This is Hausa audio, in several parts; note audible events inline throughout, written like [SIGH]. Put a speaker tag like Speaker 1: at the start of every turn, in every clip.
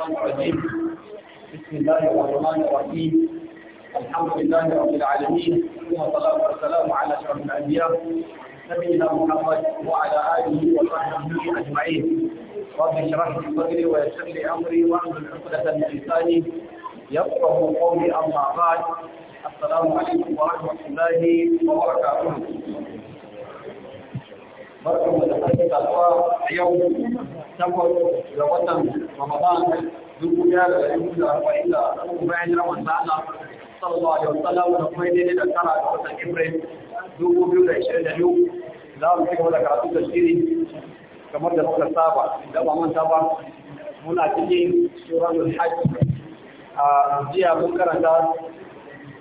Speaker 1: الشيطان الرجيم بسم الله الرحمن الرحيم الحمد لله رب العالمين والصلاة والسلام على أشرف الأنبياء نبينا محمد وعلى آله وصحبه أجمعين رب اشرح لي صدري ويسر لي أمري واحلل عقدة من لساني يفقه قولي أما بعد السلام عليكم ورحمة الله وبركاته
Speaker 2: barkan da ake kasuwa a yau takwas ga watan
Speaker 1: Ramadan dubu ɗaya da ɗari da arba'in da uku bayan yawan sana sallallahu alaihi wasallam da kuma daidai da tara ga watan Ibrahim dubu biyu da ishirin da biyu za mu ci gaba da karatu da shiri kamar da muka saba da ba manta ba muna cikin suratul hajj a jiya mun karanta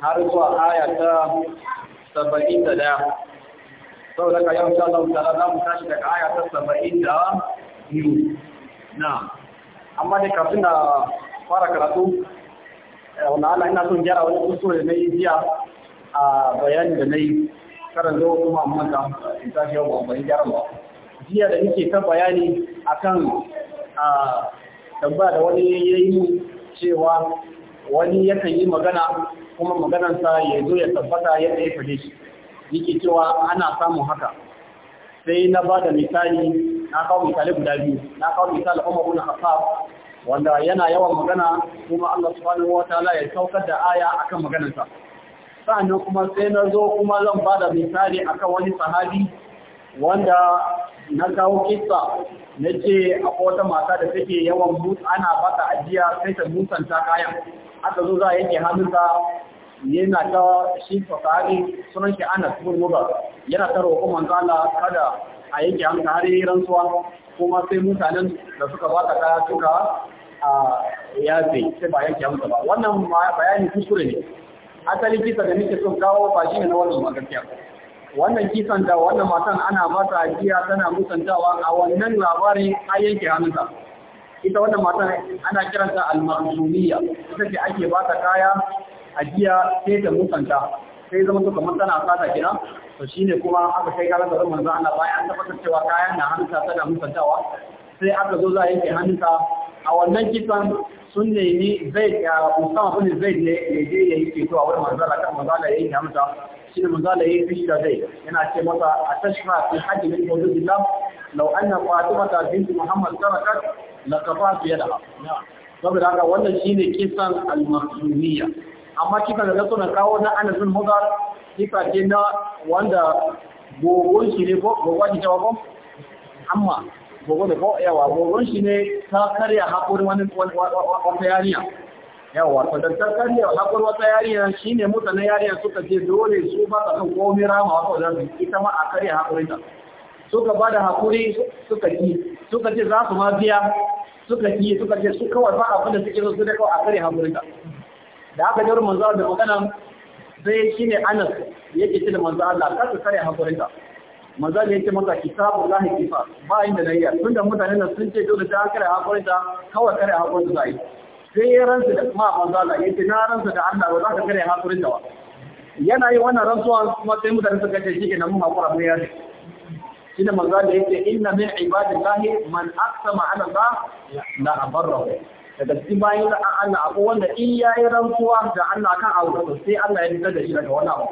Speaker 1: har zuwa aya ta saba'in da daya sau da kayan Allah ta'ala za mu tashi daga aya ta saba'in da biyu na amma da kafin na fara karatu eh, wani ala ina son gyara wani kusur da na yi jiya a bayani da na yi karan zo kuma manta in tashi yau ba in gyara ba jiya da nake kan bayani akan a tambaya da wani ya yi cewa wani yakan yi magana kuma maganansa ya zo ya tabbata yadda ya fade shi yake cewa ana samun haka sai na ba da misali na kawo misali guda biyu na kawo misali kuma ibn Khattab wanda yana yawan magana kuma Allah subhanahu ta'ala ya saukar da aya akan maganarsa sa'annan kuma sai na zo kuma zan ba da misali akan wani sahabi wanda na kawo kissa na ce akwai wata mata da take yawan mutu ana bata ajiya sai ta ta kayan aka zo za a yake hannunta yana ta shi fasari sunan shi Anas bin muba yana ta roƙo manzo Allah kada a yanke an har yi rantsuwa kuma sai mutanen da suka baka kaya suka a yafe sai ba yake amsa ba wannan bayani kuskure ne asali kisa da nake son kawo ba shi ne na wannan magaskiya wannan kisan da wannan matan ana mata ajiya tana musantawa a wannan labarin a yanke hannunta ita wannan matan ana kiranta al-mahzumiyya ita ce ake ba ta kaya ajiya sai ta musanta sai zama to kamar tana sata kina to shine kuma aka kai kalan da manzo Allah bai an tabbatar cewa kayan na hannunta tana musantawa sai aka zo za a yanke hannunta a wannan kisan sun nemi zai ya musama bin zai ne ya je ya yi keto a wurin manzo Allah kan manzo Allah ya yanke hannunta shine manzo Allah ya yi fishi da zai yana ce masa a tashfa fi hajji min wujudillah law anna fatimata bint muhammad tarakat laqafa fi yadaha saboda haka wannan shine kisan al-makhzumiyya amma da ga na kawo na ana zun mudar kika ce na wanda gogon shi ne gogon shi jawa ko amma gogon da ko yawa gogon shi ne ta karya haƙuri wani wata yariya yawa ta da ta karya haƙuri wata yariya shi ne mutane yariya suka ce dole su ba ta kan rama wata wajen ita ma a karya haƙurin ta suka ba da haƙuri suka ki suka ce za su ma biya suka ki suka ce su kawai ba abin da suke zo su da kawai a karya haƙurin ta da aka jar manzo da magana sai shine Anas yake cewa da manzo Allah ka kare hakurinka manzo ne yake maka kitabullahi kifa ba inda na tunda mutane nan sun ce dole ta kare hakurinka kawai kare hakurinka zai sai ya ransa da kuma manzo Allah yake na ransa da Allah ba za ka kare hakurinka ba yana yi wannan rantsuwa kuma sai mutane suka ce shi ke nan mun hakura mun yare shi da manzo Allah yake inna min ibadillahi man aqsama ala Allah la abarrahu daga cikin bayan da Allah abu wanda in ya yi rantsuwa da Allah kan abu sai Allah ya fitar da shi daga wannan abu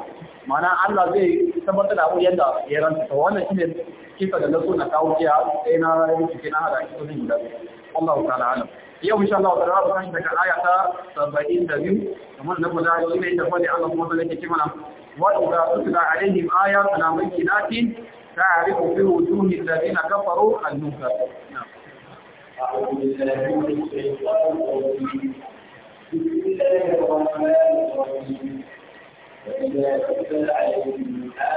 Speaker 1: mana Allah zai tabbatar da abu yadda ya rantsa wannan shine kisa da na so na kawo kiya sai na yi cikin na hada yi guda Allah ta'ala alam yau insha Allah ta'ala ba kan daga aya ta biyu kamar na guda shi ne da fadi Allah kuma zai yake mana wa su suna alaihim ayatuna bayyinatin ta'rifu fi wujuhi alladhina kafaru an-nukar na'am أعوذ بالله
Speaker 2: من الشيطان الرجيم بسم الله الرحمن الرحيم وإذا عليهم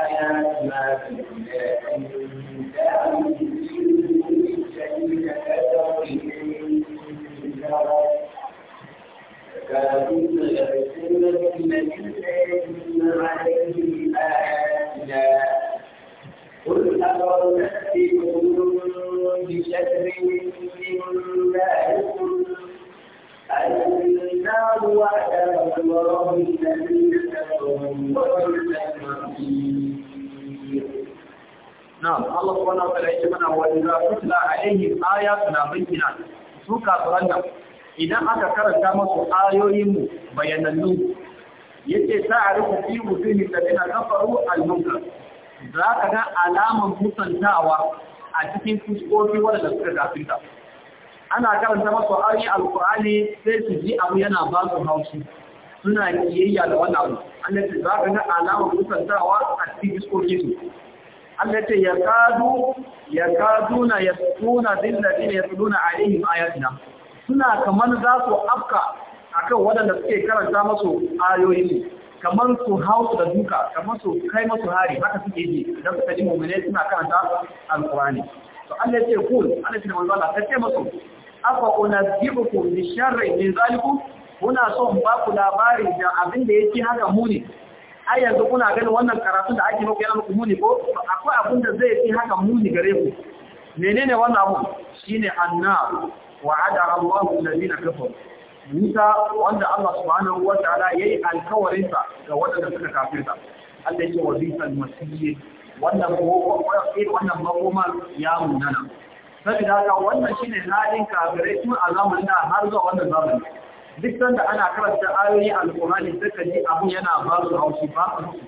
Speaker 2: آياتنا بينات كانوا الذين كفروا كانوا يحسون بالذين عليهم آياتنا قل أفرأيتم بشر من ذلكم النار وعدها الله الذين
Speaker 1: كفروا وبئس المصير نعم الله سبحانه وتعالى يجمعنا وإذا تتلى idan aka karanta masu ayoyinmu bayanannu yace ta arifu fi wujuhi ladina kafaru al-munkar za ka ga alaman musantawa a cikin fuskoki waɗanda suka gafinta ana karanta masu ari alkur'ani sai su ji abu yana ba su haushi suna kiyayya da wannan abu Allah yace za ka ga alamar musantawa a cikin fuskoki su an yace ya kadu ya na ya tsuna din ya tsuna alaihim ayatina suna kamar za su afka akan waɗanda suke karanta masu ayoyin kamar su hau da duka kamar su kai masu hari haka suke ji idan suka ji mummune suna karanta alkurani to Allah ce kul Allah ce manzo Allah ta ce masu afa ku bi sharri min zaliku? kuna so in ba ku labari da abin da yake haka muni ai yanzu kuna ganin wannan karatu da ake maka yana muku muni ko akwai abin da zai fi haka muni gare ku menene wannan abu shine annar wa'ada Allahu alladhina kafaru Nisa, wanda Allah subhanahu wa ta'ala yayi alkawarin sa ga wanda suka kafirta Allah yake wazifal masiyyi wannan ko eh, wannan makoma ya munana da haka wannan shine halin kafirai tun a zamanin da har zuwa wannan zamanin. duk sanda ana karanta ayoyi alkurani suka ji abu yana ba su haushi ba su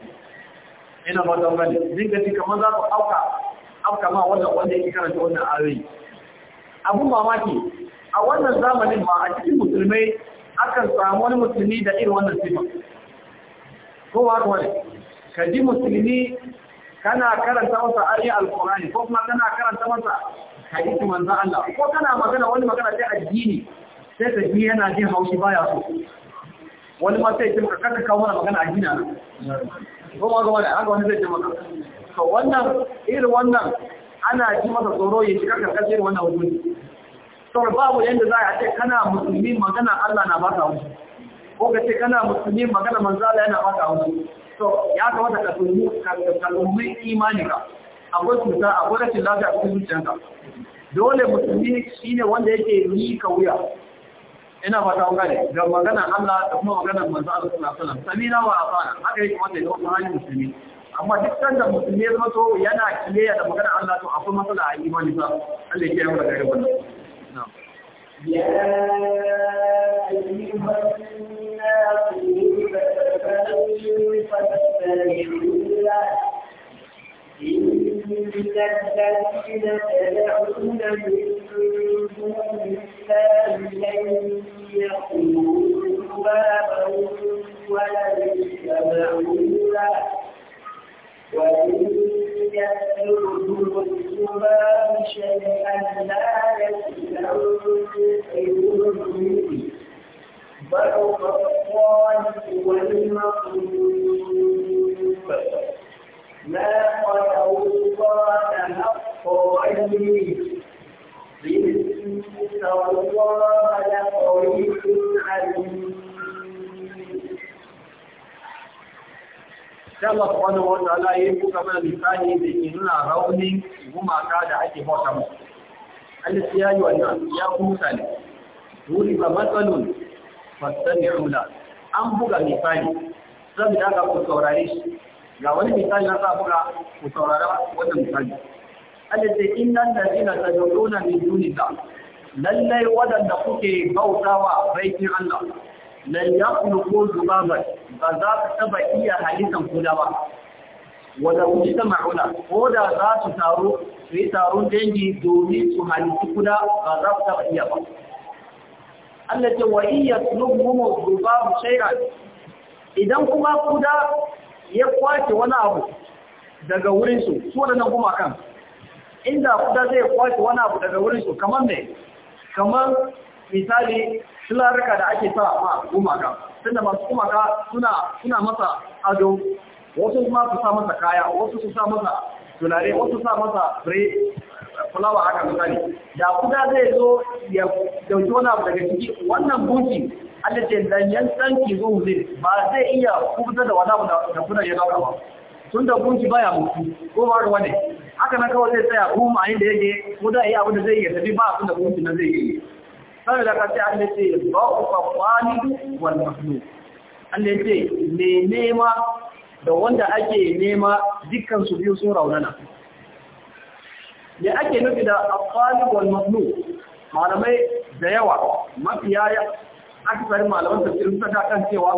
Speaker 1: ina ba da wani duk da shi kamar za su auka auka ma wannan wanda yake karanta wannan ayoyi abun mamaki a wannan zamanin ma a cikin musulmai akan samu wani musulmi da irin wannan sifa ko ba wani ka ji musulmi kana karanta masa ayi alkurani ko kuma kana karanta masa hadisi manzon Allah ko kana magana wani magana ta addini sai ka ji yana jin haushi baya so wani ma sai ka kaka kawo mana magana addini ko ma ga wani haka wani zai ce maka to wannan irin wannan ana ji masa tsoro ya shiga karkashin wannan hukunci saboda babu yadda za a ce kana musulmi magana Allah na baka wuce ko ka ce kana musulmi magana manzala yana baka wuce to ya kamata ka tunu ka lumbi imani ka akwai cuta akwai rashin lafiya a cikin zuciyarka dole musulmi shine wanda yake ni ka wuya ina fata wuka ne ga maganar Allah da kuma magana manzo Allah sallallahu alaihi wasallam samina wa afana haka yake wanda ya zama hali musulmi amma duk sanda musulmi ya zama to yana kiyaye da magana Allah to akwai matsala a imani sa Allah ya kiyaye mu daga wannan Yeah. وإن يسلكه الزمان شيئا لا يستنقذه منه ضعف الطالب والمطلوب ما إن الله لقوي عليم sai Allah subhanahu wa ta'ala ya yi mana misali da ke nuna raunin gumaka da ake bauta mu Allah ya yi wannan ya ku ne. duri ba matsalun ya la an buga misali saboda ga ku saurare shi ga wani misali na sa buga ku saurara wannan misali Allah ya innan da ina tajuruna min dunillah lallai waɗanda kuke bautawa baikin Allah lan ko zubaban ba za ka taba iya halittar kuda ba wanda ku ta ma'ula ko da za su taro su yi taron dangi domin su halitti kuda ba za su taba iya ba Allah ce wa iya sunan tsulubumu zubabu shaira idan kuma kuda ya kwace wani abu daga wurinsu su waɗannan kuma kan inda kuda zai kwace wani abu daga wurinsu kamar mai kamar misali tularuka da ake sa a gumaka tunda masu gumaka suna masa ado wasu kuma su sa masa kaya wasu su sa masa tulare wasu sa masa bre fulawa haka misali da da zai zo ya dauki wani abu daga ciki wannan gunki Allah ce dan yan tsanki zo zai ba zai iya kubuta da wani abu da kuna ya dauka ba tun da gunki baya mutu ko ba ruwa ne haka na kawai zai tsaya kuma a inda yake kuda iya abu da zai yi tafi ba abin da gunki na zai yi sai da kace Allah ce ba'ufa walidu wal A lè ṣe ne nema da wanda ake nema dukkan su biyu sun raunana me ake nufi da al-qalib wal malamai da yawa mafiya akasarin malaman da sun ta kan cewa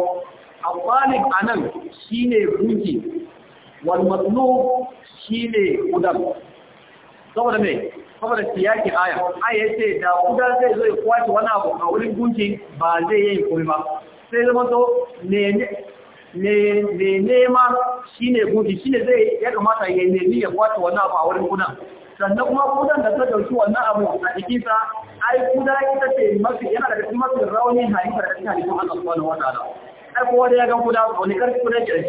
Speaker 1: al-qalib shi ne gunki wal shi ne udan saboda mai saboda siyaki aya aya ya ce da kuda zai zo ya kwace wani abu a wurin gunki ba zai yi kuri ba sai zama to ne nema shi ne gunki shi ne zai ya kamata ya nemi ya kwace wani abu a wurin gunan. sannan kuma kudan da ta dauki wannan abu a jikinsa ai kuda ita ce mafi yana daga cikin mafi rauni hari da cikin halittun Allah subhanahu wa ta'ala ai kowa da ya ga kuda wani karfi kuda ke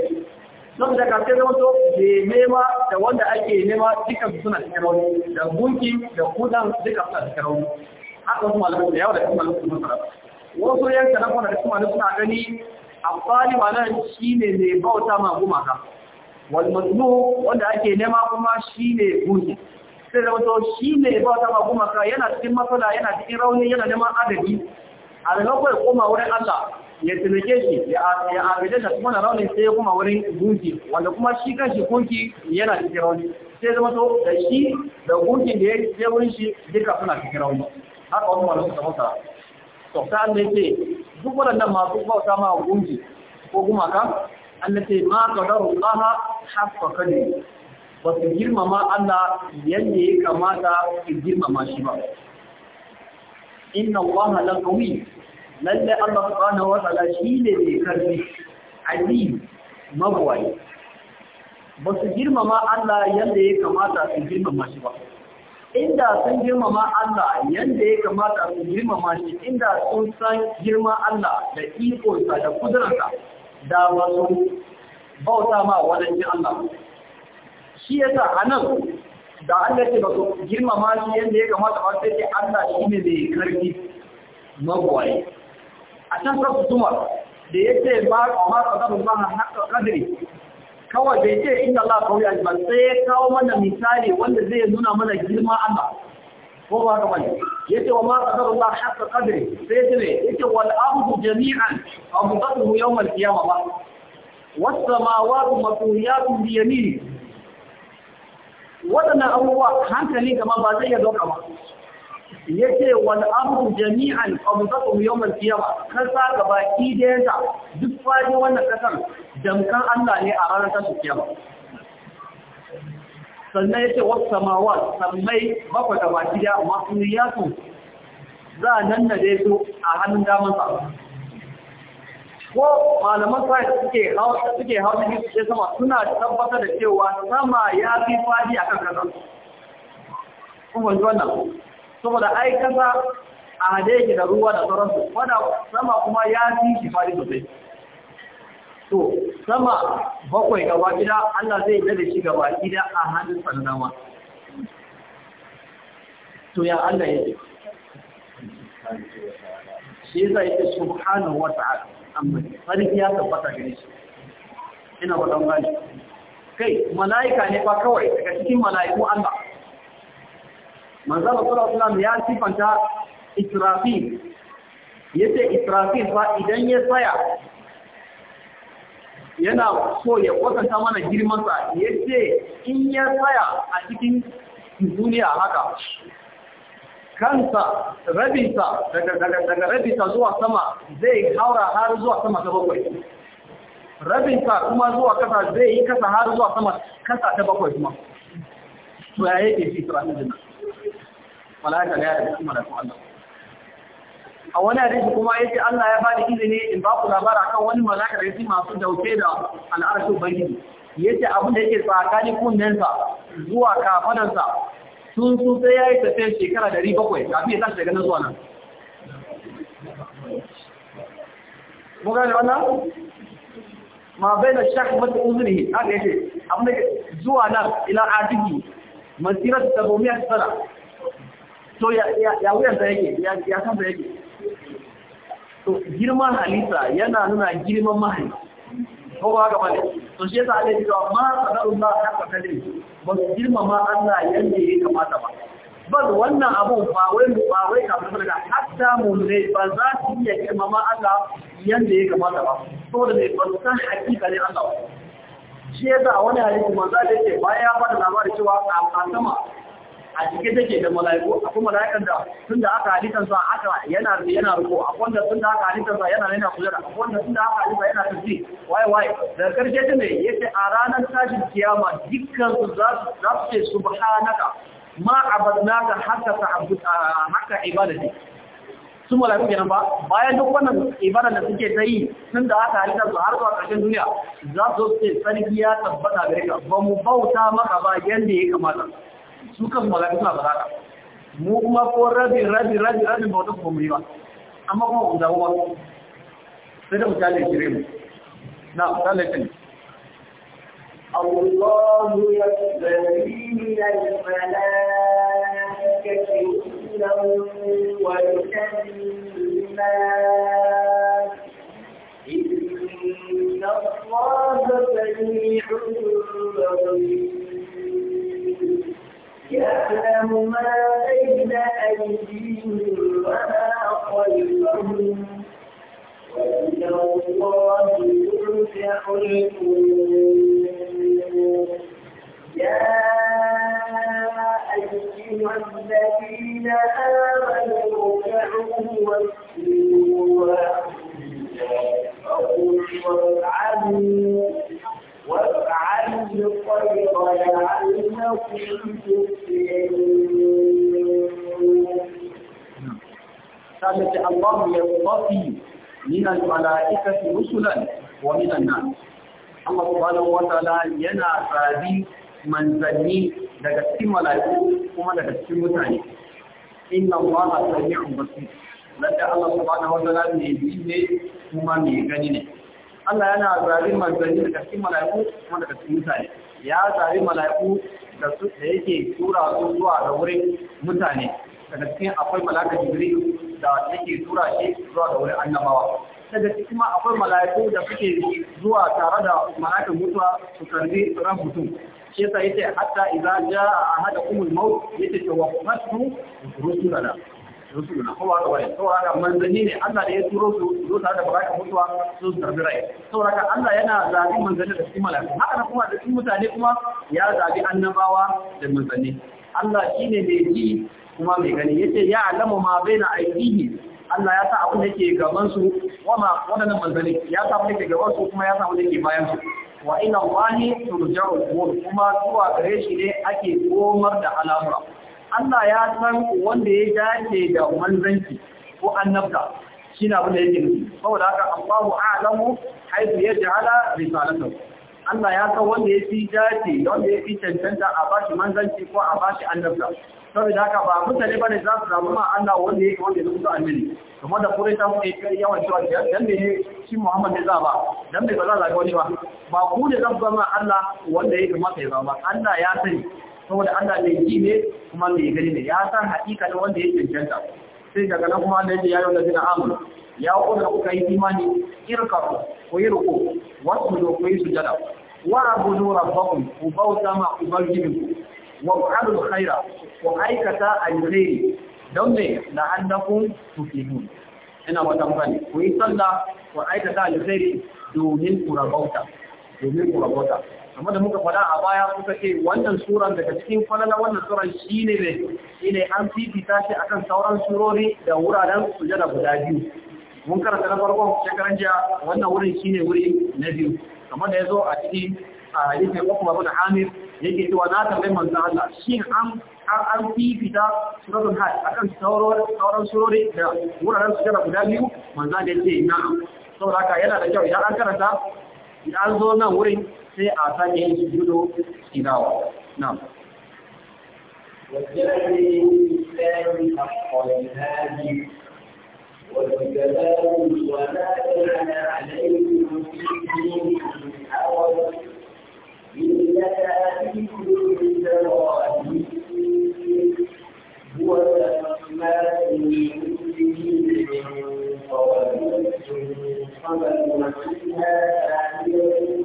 Speaker 1: don da kafin zama to da nema da wanda ake nema duka suna cikin rauni da gunki da kudan duka suna cikin rauni haka kuma alamu da yawa da kuma alamu sun fara wasu yan na da kuma alamu suna gani amfani malan shine mai bauta ma ka wal mazmu wanda ake nema kuma shine gunki sai zama to shine bauta ma ka yana cikin matsala yana cikin rauni yana neman adadi a lokacin koma wurin Allah ya taimake shi ya abidai da kuma na rauni sai kuma wurin gunki wanda kuma shi kan shi gunki yana cikin rauni sai zama to da shi da gunkin da ya ce wurin shi duka suna cikin rauni haka wani malamu ta mota to ta an ce duk waɗannan masu bauta ma gunki ko kuma ka? an ma ka daru laha haka kane ba su girmama Allah yadda ya kamata su girmama shi ba inna Allah lalle Allah subhanahu wa ta'ala shine mai karfi azim magwayi ba su girmama Allah yadda ya kamata su girmama shi ba inda sun girmama Allah yadda ya kamata su girmama shi inda sun san girma Allah da ikonsa da kudurarsa da wasu bauta ma wadanci Allah shi ya sa a nan da Allah ce ba su girmama shi yadda ya kamata ba sai Allah shi ne mai karfi magwaye a can farko tumar da ya ce ba a ma kadarun ba haka kadiri kawai bai ce inda Allah kawai a ba sai ya kawo mana misali wanda zai nuna mana girma Allah ko ba haka bane yace wa ma qadarullahu haqqa qadri sai ya yace ne yace wal ardu jami'an amdatuhu yawm al-qiyamah ba Wasu zamawa was samawati matwiyatun bi yamini wadannan abubuwa hankali gama ba zai iya dauka ba yake wal amru jami'an qabdatu yawm al-qiyamah kasa gaba ki da duk faɗi wannan kasan damkan Allah ne a ranar ta kiyama sannan yake was samawat sammai bakwai da ki da masuliyatu za nan da dai su a hannun daman sa ko malaman sai suke hawa suke hawa suke sama suna tabbatar da cewa sama ya fi fadi akan kasan kuma wannan saboda ai kasa a hade yake da ruwa da sauransu wadda sama kuma ya fi shi fadi sosai to sama bakwai gaba gida Allah zai da shi gaba gida a hannun sallama to ya Allah ya shi yasa ce subhanahu wa wata amma sarki ya tabbata gare shi ina wadan gani kai mala'ika ne ba kawai daga cikin mala'iku Allah manzo da sallallahu alaihi ya sifanta israfil yace israfil fa idan ya tsaya yana so ya kwatanta mana girman sa yace in ya tsaya a cikin duniya haka kansa rabin sa daga rabin sa zuwa sama zai haura har zuwa sama ta bakwai Rabin sa kuma zuwa kasa zai yi kasa har zuwa sama kasa ta bakwai kuma to ya yake shi tsiranin malaka da ya cikin malakun Allah a wani hadisi kuma ya ce Allah ya bada izini in ba ku labara kan wani malaka da masu dauke da al'arshi ubangiji ya ce abin da yake tsakanin kunnensa zuwa kafadansa sun su sai ya yi tafiyar shekara dari bakwai kafin ya tashi daga nan zuwa nan. Mugan wannan? Ma bai da shak mata uzuri haka ce, abin da zuwa nan ila adigi masirar ta domin ya tsara so ya wuyan da yake ya san da yake to girman halitta yana nuna girman mahalitta ko ba ga bane to shi yasa Allah ya ce ma qadarullah haqqa qadri ba girma ma Allah yanda ya kamata ba bal wannan abun ba wai ba wai ka fara da hatta mun ne ba za su iya girma ma Allah yanda ya kamata ba saboda mai fasan hakika ne Allah shi yasa wani hadisi manzo da yake bayan ya bada labarin cewa a sama a da take da mala'iku akwai mala'ikan da tun da aka halittar sa aka yana yana ruko akwai wanda tun da aka halittar sa yana yana kujera akwai wanda tun da aka halittar yana tafi waye waye daga karshe ta ne yace a ranar tashin kiyama dukkan su za su za su ce subhanaka ma abadnaka haka ta'bud haka ibadati sun mala'iku kenan ba bayan duk wannan ibada da suke ta yi sun da aka halitta su har zuwa ƙarshen duniya za su ce sarki ya tabbata gare ka ba mu bauta maka ba yadda ya kamata su kan mala'iku na baraka mu kuma ko rabi rabi rabi rabi ba wata kuma mu yi ba amma kuma ku dawo ba sai da mutane kire mu na mutane kire الله يستهدي من إن الله سميع بصير يعلم ما بين أيديهم وما خلفهم وإلى الله يرجع الأمور يا أيها الذين آمنوا اركعوا واسجدوا واعبدوا وارعبوا ولعلكم تسلمون الله يصطفي من الملائكة رسلا ومن الناس Allah subhanahu wa ta'ala yana tsadi manzanni daga cikin mala'iku kuma daga cikin mutane inna allaha sami'un basir lalle Allah subhanahu wa ta'ala ne ji ne kuma mai gani ne Allah yana tsadi manzanni daga cikin mala'iku kuma daga cikin mutane ya zaɓi mala'iku da su da yake tura su zuwa da wurin mutane daga cikin akwai malaka jibril da yake tura shi zuwa da wurin annabawa daga cikin akwai mala'iku da suke zuwa tare da mala'ikan mutuwa su karbi ran mutum shi yasa yace hatta idza jaa ahadakumul maut yace tawaffatu rusulana rusulu kuma da wani saboda manzanni ne Allah da ya turo su zo tare da baraka mutuwa su su tarbi rai saboda Allah yana zabi manzanni da cikin malaka haka kuma da cikin mutane kuma ya zabi annabawa da manzanni Allah shine mai ji kuma mai gani yace ya alamu ma baina aidihi Allah ya sa abin da ke gaban su wama wadannan manzanni ya sa abin da ke gaban su kuma ya sa abin da ke bayan su wa ila wahi turja'u kuma zuwa gare shi ne ake komar da al'amura Allah ya san wanda ya dace da manzanci ko annabta na abin da yake nufi saboda haka Allahu a'lamu haythu yaj'ala risalatu Allah ya san wanda ya fi dace da wanda ya fi cancanta a bashi manzanci ko a bashi annabta saboda haka ba mutane bane za su samu ma Allah wanda ya wanda ya mutu annabi kamar da kure ta muke kai yawan cewa dan ne shi Muhammad ne za ba dan bai ba za ga wani ba ba ku da zama Allah wanda ya masa ya zama Allah ya sani saboda Allah mai ji ne kuma mai gani ne ya san hakikalin wanda ya cancanta sai daga nan kuma da yake ya yi wanda zina amur ya kuda kuka yi imani irkaru ko yi ruku wasu do ku yi sujada wa abudu rabbakum ku bauta ma ku ubangijinku wa ku khaira ku aikata alheri don me na annakun tufihun ina wata mutane ku yi sallah ku aikata alheri domin ku rabauta domin ku rabauta kamar da muka faɗa a baya kuka ce wannan suran daga cikin falala wannan suran shi ne ne an fifita shi akan sauran surori da wuraren sujada guda biyu mun karanta na farkon shekaran jiya wannan wurin shine wuri na biyu kamar da zo a cikin yake ko kuma da Hamir yake cewa na tambayi manzon Allah shin an har an fifita suratul hajj akan sauran surori da wuraren sujada guda biyu Manza da ce na'am saboda haka yana da kyau idan an karanta idan an zo nan wurin sai a sake yin sujudu tilawa na'am
Speaker 2: وَالْكَلَامُ وَلَا كَانَ عَلَيْهِ فِي الدِّينِ مِنْ حَوَلٍ إِلَّا أَبِيكُمْ بِالْتَوَاهِيمِ هُوَ سَمَّاكُمْ الْمُسْلِمِينَ مِنْ قَبْلِ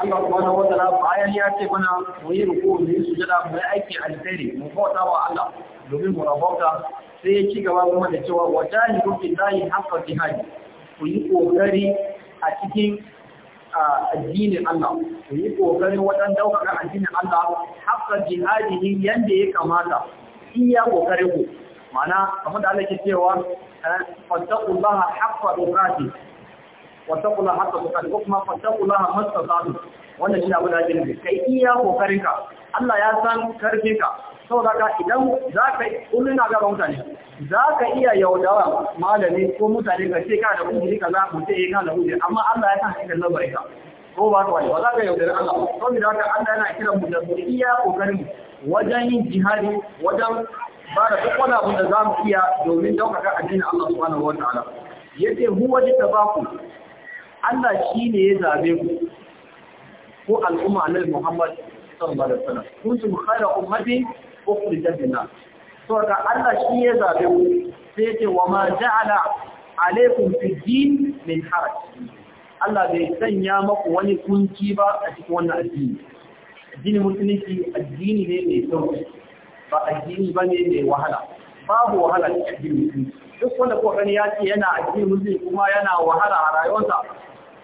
Speaker 1: Allah subhanahu wa ta'ala bayan ya ce mana mu yi ruku mu yi sujada mu yi aikin alheri mu bauta wa Allah domin mu rabauta sai ya ci gaba kuma da cewa wa jahidu billahi haqqa jihadi ku yi kokari a cikin addinin Allah ku yi kokari wajen daukaka addinin Allah jihadi jihadihi yadda ya kamata iya kokari ku mana kamar da Allah ke cewa eh, fattaqullaha haqqa tuqatih واتقوا الله حق ko kuma فاتقوا الله ما استطعتم wannan shine abin da ake nufi kai iya kokarin ka Allah ya san karfin ka Sau da ka idan za ka kullun na gaba mutane za ka iya yaudawa malami ko mutane ka ce ka da hujji kaza mu ce eh ka da hujji amma Allah ya san hakikan bari ka ko ba ta wani ba za ka yaudari Allah Sau da haka Allah yana kiran mu da iya kokarin wajen yin jihadi wajen ba da duk wani abu da za mu iya domin daukaka addinin Allah subhanahu wa ta'ala yace huwa jitabaku Allah shi ne ya zabe ku ko al'umma na Muhammad sallallahu alaihi wasallam su khayra ummati ukhrijat lin-nas So ka Allah shi ya zabe ku sai ce wa ma ja'ala alaikum fi din min haraj Allah bai sanya maku wani kunci ba a cikin wannan addini addini musulunci addini ne mai sauki ba addini ba ne mai wahala babu wahala cikin addini musulunci duk wanda ko gani ya ce yana addini musulunci kuma yana wahala a rayuwarsa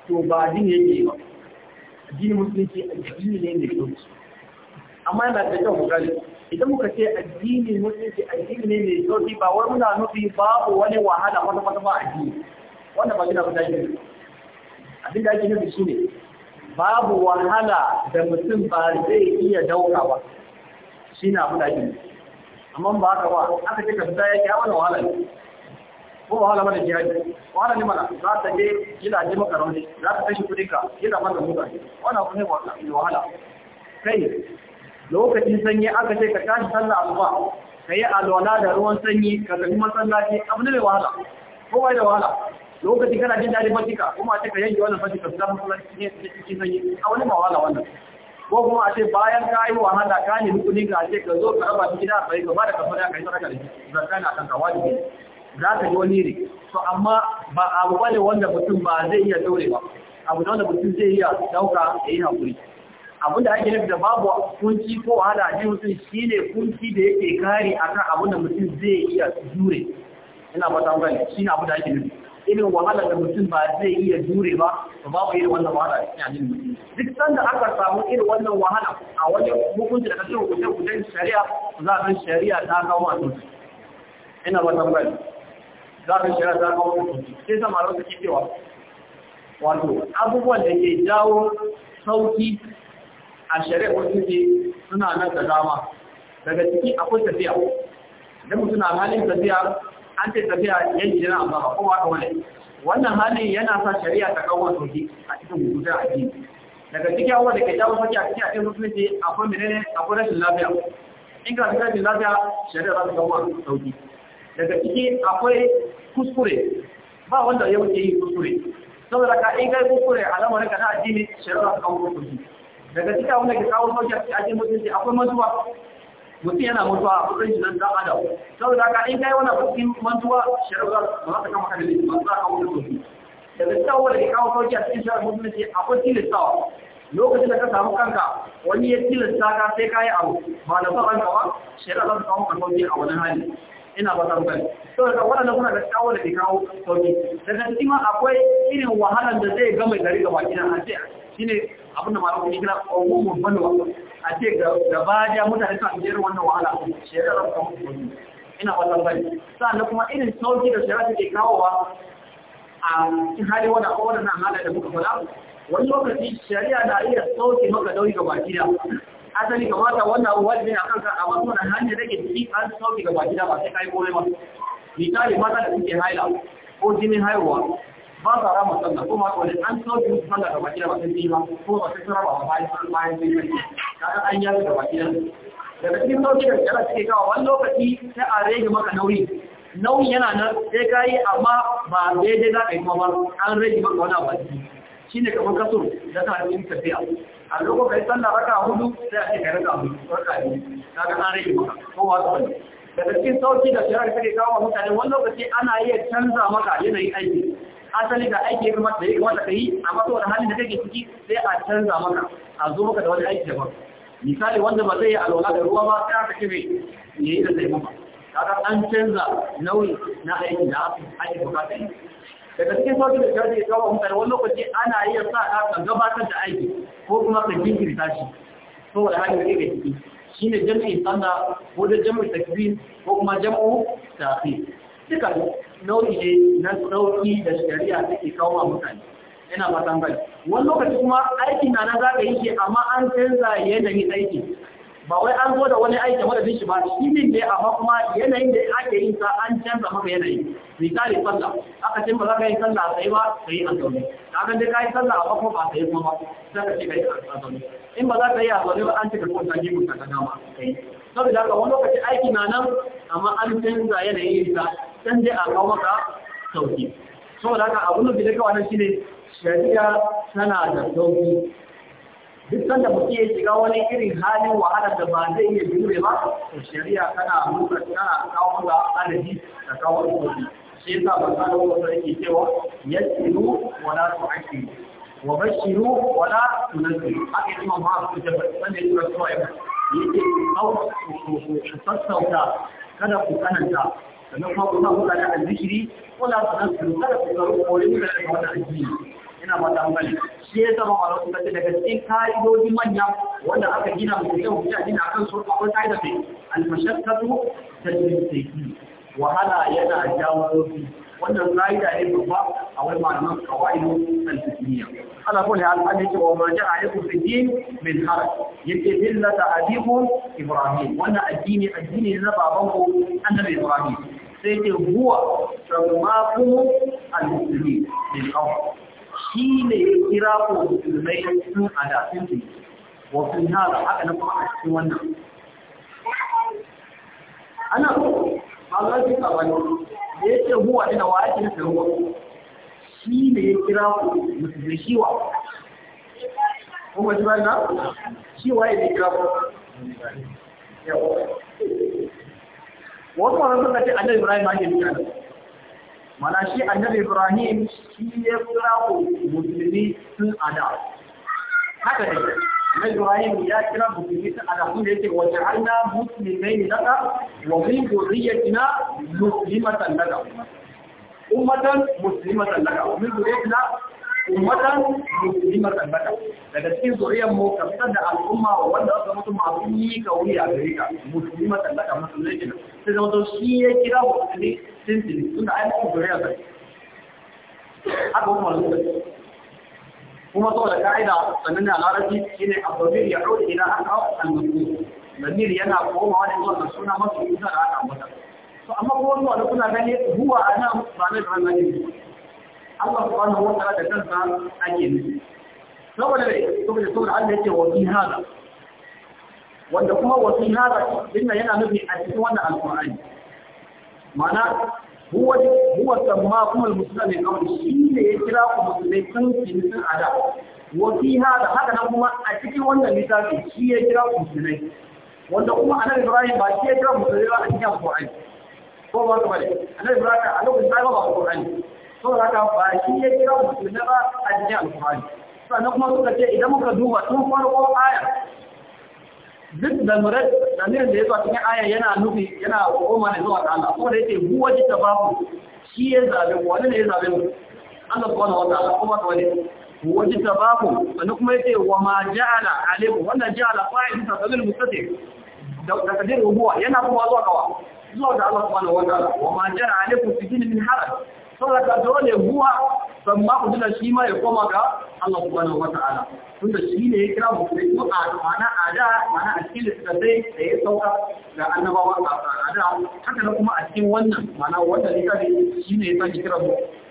Speaker 1: to ba addini yake ba addini musulunci addini ne da kyau amma yana da kyau gani idan muka ce addini musulunci addini ne mai kyau ba wai muna nufi babu wani wahala wata wata ba addini wanda ba gina guda shi abin da ake nufi shine babu wahala da mutum ba zai iya dauka ba shi na abin da ake amma ba haka ba aka ce ka fita yake Ya wani wahala ne ko wahala mana jihadi wahala ne mana za ta je gida ji maka rauni za ta kashe kudi ka gida mana muka wannan kuma ne wahala kai lokacin sanyi aka ce ka tashi sallah asuba kai alwala da ruwan sanyi ka tafi masallaci abu ne wahala ko wai da wahala lokaci kana jin daɗin fatika kuma a ce ka yanke wannan fatika su zama sallah ne cikin sanyi a wani ma wahala wannan ko kuma a ce bayan ka yi wahala ka ne hukunin ka a ce ka zo ka raba gida bai gaba da kafa da ka yi sadaka da shi zakka na kan wajibi za ka yi wani ne to amma ba abu bane wanda mutum ba zai iya daure ba abu da wanda mutum zai iya dauka da yi hakuri abu da ake nufi da babu kunci ko wahala a jin mutum shi ne kunci da yake kare kan abu da mutum zai iya jure ina ba ta gani shi ne abu da ake nufi irin wahala da mutum ba zai iya jure ba to babu irin wannan wahala a cikin mutum duk sanda aka samu irin wannan wahala a wajen hukunci da kashin hukunce-hukuncen shari'a za a san shari'a ta kawo a sosai ina ba ta gani za ka shira ta kawo mutu sai sama rasa cewa wato abubuwan da ke jawo sauki a shari'a wasu ne suna nan da dama daga ciki akwai tafiya da mutum na halin tafiya an ce tafiya yanki yana amma ba kowa ka wani wannan halin yana sa shari'a ta kawo sauki a cikin rubutu a jini daga ciki abubuwan da ke jawo sauki a cikin a cikin musulunci akwai menene akwai rashin lafiya in ka rashin lafiya shari'a za ta kawo sauki daga ciki akwai kuskure ba wanda ya wuce yi kuskure saboda ka in kai kuskure a lamarin ka na addini shari'a ka kawo kuskure daga ciki abin da ke kawo sauki a cikin mutunci akwai mantuwa mutum yana mutuwa a kudin shi nan dan adam saboda ka in kai wani kuskure mantuwa shari'a ba za ta kama ka da laifi ba ka kawo kuskure daga ciki abin ke kawo sauki a cikin shari'a mutunci akwai tilastawa lokacin da ka samu kanka wani ya tilasta ka sai ka yi abu ba da sauran ka ba shari'a za ta kawo ka a wani hali ina ba san bai to da wannan kuna da kawo da kawo sauki daga cikin akwai irin wahalar da zai gama gari gaba kina a ce shine abin da malamu ne kira umumun balwa a ce gaba da mutane suna jiyar wannan wahala shekarar kamar ina wannan bai sannan kuma irin sauki da ke kawo ba a cikin hali wanda ko wannan halaye da muka fada wani lokaci shari'a na iya sauke maka dauki gaba gida asali kamata wannan abu wajibi ne akan ka a wasu wannan hanyar da ke ciki an sauki ga baki da ba sai kai komai ba misali mata da suke haila ko jinin haihuwa ba sa rama sallah ko ma wani an sauki musu sallah ga baki da ba sai yi ba ko ba sai sun raba ba bayan sun bayan sun yi kaga an yi ga baki da daga cikin sauki da kyara suke kawo wani lokaci sai a rage maka nauyi nauyin yana nan sai ka yi amma ba daidai za ka yi kuma ba an rage maka wani abu shi ne kamar kasur da ta hannun tafiya a lokacin sallah raka hudu sai a ce ka raka hudu raka ne kaga an rage ko wasu bane daga cikin sauki da shirar take kawo mutane wani lokaci ana iya canza maka yanayin aiki asali da aiki ya mata ya kamata ka yi a maso da halin da kake ciki sai a canza maka a zo maka da wani aiki daban misali wanda ba zai yi alwala da ruwa ba sai aka ce mai yayi da zai maka kaga an canza nauyi na aiki da ake bukata daga cikin sautin da shafi ya kawo mutane wani lokaci ana iya sa ka kan gabatar da aiki ko kuma ka jinkirta shi so wani hali ne ga ciki shi ne jami'in sanda ko da jami'in takbir ko kuma jami'u tafi duka nau'i ne na sauki da shari'a take kawo mutane ina fatan bai wani lokaci kuma aiki na na za ka yi shi amma an canza yanayin aiki ba wai an zo da wani aiki madadin shi ba shi ne ne amma kuma yanayin da ake yin sa an canza maka yanayi misali sallah aka ce ba za ka yi sallah a ba ka yi a ka ga da ka yi sallah amma kuma ba sai kuma ba sai ka ce ka yi a zaune in ba za ka yi a zaune ba an ce ka ko sanje mu ka dama kai saboda haka wani lokaci aiki na nan amma an canza yanayin yin sa san dai a kawo maka sauki saboda haka abun da ke da kawai shine shari'a tana da sauki duk sanda mutum ya shiga wani irin halin wahalar da ba zai iya jure ba to shari'a tana nuna tana kawo ga alaji da kawo kuɗi shi yasa ba ta da wata yake cewa yasiru wala su tu'akiru wa bashiru wa la tunziru haka yake mamma su ta sanda yake rasuwa ya yake kawo su sassauta kada ku kananta sannan kuma ku sa mutane azzikiri ko la tunziru kada ku karo kore mutane da wata addini ina mata hankali shi ya zama a wasu kace daga cikin ka'idodi manya wanda aka gina mu da wuta gina kan su da ke? ce al-mashaqqatu tajribi wahala yana jawo rufi wannan ka'ida ne babba a wani malaman kawaido al-fiqhiyya ala kulli hal an yake wa ma ja'a yakum fi din min haraj yake millata abikum ibrahim wannan addini addini na babanku annabi ibrahim sai ke huwa samakum al-muslimin bil awwal shi ne ya kira ko musulmai sun adafin su wato sun hada haka na kuma a cikin wannan ana so Allah ya sa wani da ya ce huwa ina wa ake nasa ruwa shi ne ya kira ko musulmai shi wa kuma shi na shi wa ne kira ku wasu wani suka ce annabi Ibrahim ake nuna mana shi annabi Ibrahim shi ya kira ku musulmi sun ada haka ne na Ibrahim ya kira musulmi sun ada kun da yake wa ja'alna muslimai laka wa min dhurriyyatina muslimatan laka ummatan muslimatan laka wa min dhurriyyatina ummatan muslimatan baka daga cikin zuriyar mu ka fitar da al'umma wanda aka mutu masu yi ka wuri a gare ka muslimatan baka musulmai kenan sai zama to shi ya kira musulmi sun tuni tunda ai mutum zuriyar sa haka kuma lokaci kuma saboda ka'ida sannan da larabci shine abdamir ya rufe ila aka al-muslim lamir yana komawa ne zuwa suna mafi kusa da aka ambata to amma kuma wani wani kuna gani a ana ba na da hannun Allah subhanahu wa ta'ala da kansa ake nufi saboda dai saboda saboda Allah yake wa fi hada wanda kuma wa fi hada dinna yana nufi a cikin wannan alqur'ani ma'ana huwa huwa sammakum almuslimin aw shi ne ya kira ku musulmai sun fi sun ada wa fi hada haka nan kuma a cikin wannan littafi shi ya kira ku musulmai wanda kuma a annabi Ibrahim ba shi ya kira musulmai ba a cikin alqur'ani ko ba ka bane annabi Ibrahim a lokacin da ba alqur'ani saboda ba shi ya kira musulmi ba a cikin alkurani sannan kuma suka ce idan muka duba tun farko aya duk da murar damirin da ya zuwa cikin aya yana nufi yana koma ne zuwa ta'ala kuma da yake huwa ji ta babu shi ya zabe wani ne ya zabe mu Allah wata ala kuma ta wani huwa ji ta babu sannan kuma ce wa ma ja'ala alaikum wannan ja'ala fa'il ta mu mustati da kadir huwa yana kuma zuwa kawa zuwa ga Allah wata ala wa ma ja'ala alaikum su gini min haraj saboda dole huwa san ma da shi ma ya koma ga Allah subhanahu wata'ala tunda shi ne ya kira mutum ko a mana a da mana a cikin da littattafai da ya sauka ga annabawa a da haka na kuma a cikin wannan mana wanda ne kare shi ne ya sake kira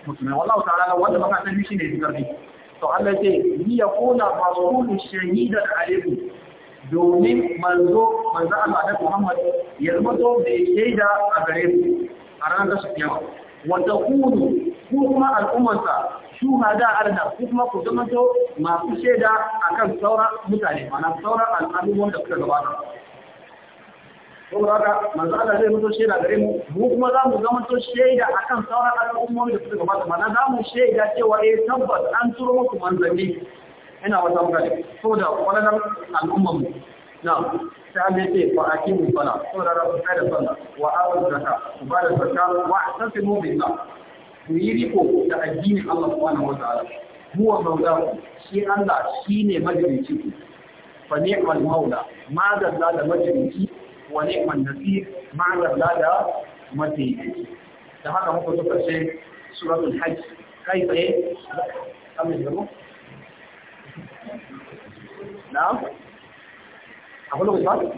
Speaker 1: mutum wallahu ta'ala wanda baka san shi ne ya kira to Allah ce ni ya kona rasulun shahidan alaihi domin manzo manzo Allah da Muhammad ya zama to da shaida a gare mu. a ranar da su kiyama wa takunu ku kuma al'ummarsa shuhada arna ku kuma ku zama to masu shaida akan sauran mutane mana sauran al'amuran da kuka gabata saboda haka manzo Allah zai mutu shaida gare mu mu kuma za mu zama to shaida akan sauran al'ummomi da suka gabata mana za mu shaida cewa eh tabbas an turo muku manzanni ina wata magana saboda wannan al'ummar mu na'am sha'abi yake fa akimu sala ko da ko kai da sallah wa atu zakka ko ba da zakka wa atasimu billah ku yi riko da addini Allah subhanahu wataala huwa mawla shi Allah shine majalici ku fa ni'mal maula ma da da majalici wa ni'mal nasir ma da da mataimaci da haka muka zo karshe suratul hajj kai tsaye Allah ya Na'am akwai lokaci ba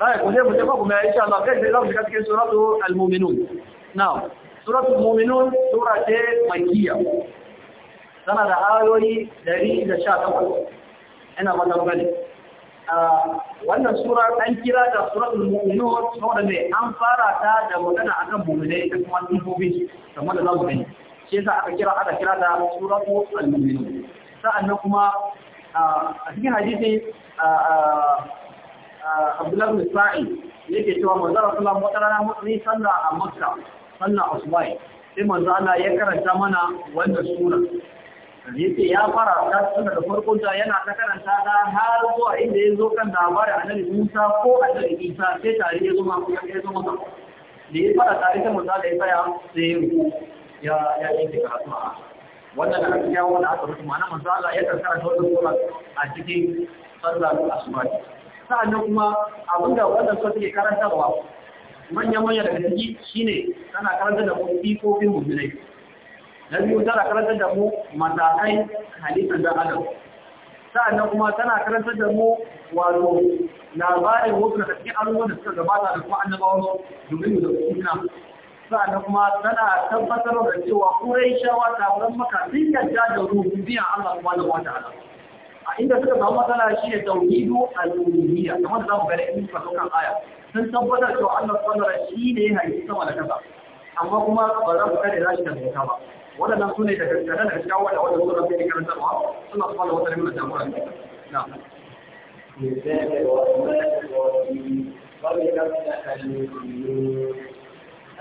Speaker 1: طيب وجيب وجيب أبو ما إن شاء الله غير ذلك قد كان سورة المؤمنون نعم سورة المؤمنون سورة مكية سنة آيوي دري دشاة أول أنا ما تبغني wannan sura an kira da suratul mu'minun saboda mai an fara ta da magana akan mu'minai da kuma dubobi kamar da zamu gani shi yasa aka kira aka kira da suratul mu'minun sa'annan kuma a cikin hadisi Abdullahi bin Sa'i ke cewa manzo Rasulullah wata rana mutane sallah a Makka sallah Usbai sai manzo Allah ya karanta mana wannan sura yake ya fara ta da farkon ta yana ta karanta ta har zuwa inda ya zo kan labarin Annabi Musa ko Annabi Isa sai tare ya zo ma ya zo da ya fara tare ta manzo ya tsaya sai ya ya karatu a wannan da aka jawo wanda aka rufe ma'ana manzo Allah ya karkara da wannan sura a cikin sallar asuba sa'annan kuma abinda wannan sura take karantarwa manya manya daga ciki shine tana karantar da mu sifofin mu'minai na biyu tana karantar da mu matakai halittar da adam sa'annan kuma tana karantar da mu wato labarin wasu daga cikin abubuwan da suka gabata da kuma annabawan domin mu da kuma sa'annan kuma tana tabbatar da cewa kurai shawa ta wurin maka sun yadda da rububiyan Allah kuma subhanahu wa ta'ala a inda suka samu matsala shi ne tauhidu al-rububiyya kamar da zamu gani in ka kan aya sun tabbatar cewa Allah subhanahu wa shi ne ya haifi sama da kasa amma kuma ba za su kare rashi da bauta ba waɗannan su ne da kaskare da shawa da wanda suka fi karantarwa suna subhanahu wa ta'ala mun da jagoran na'am بسم الله الرحمن
Speaker 2: الرحيم قبل أن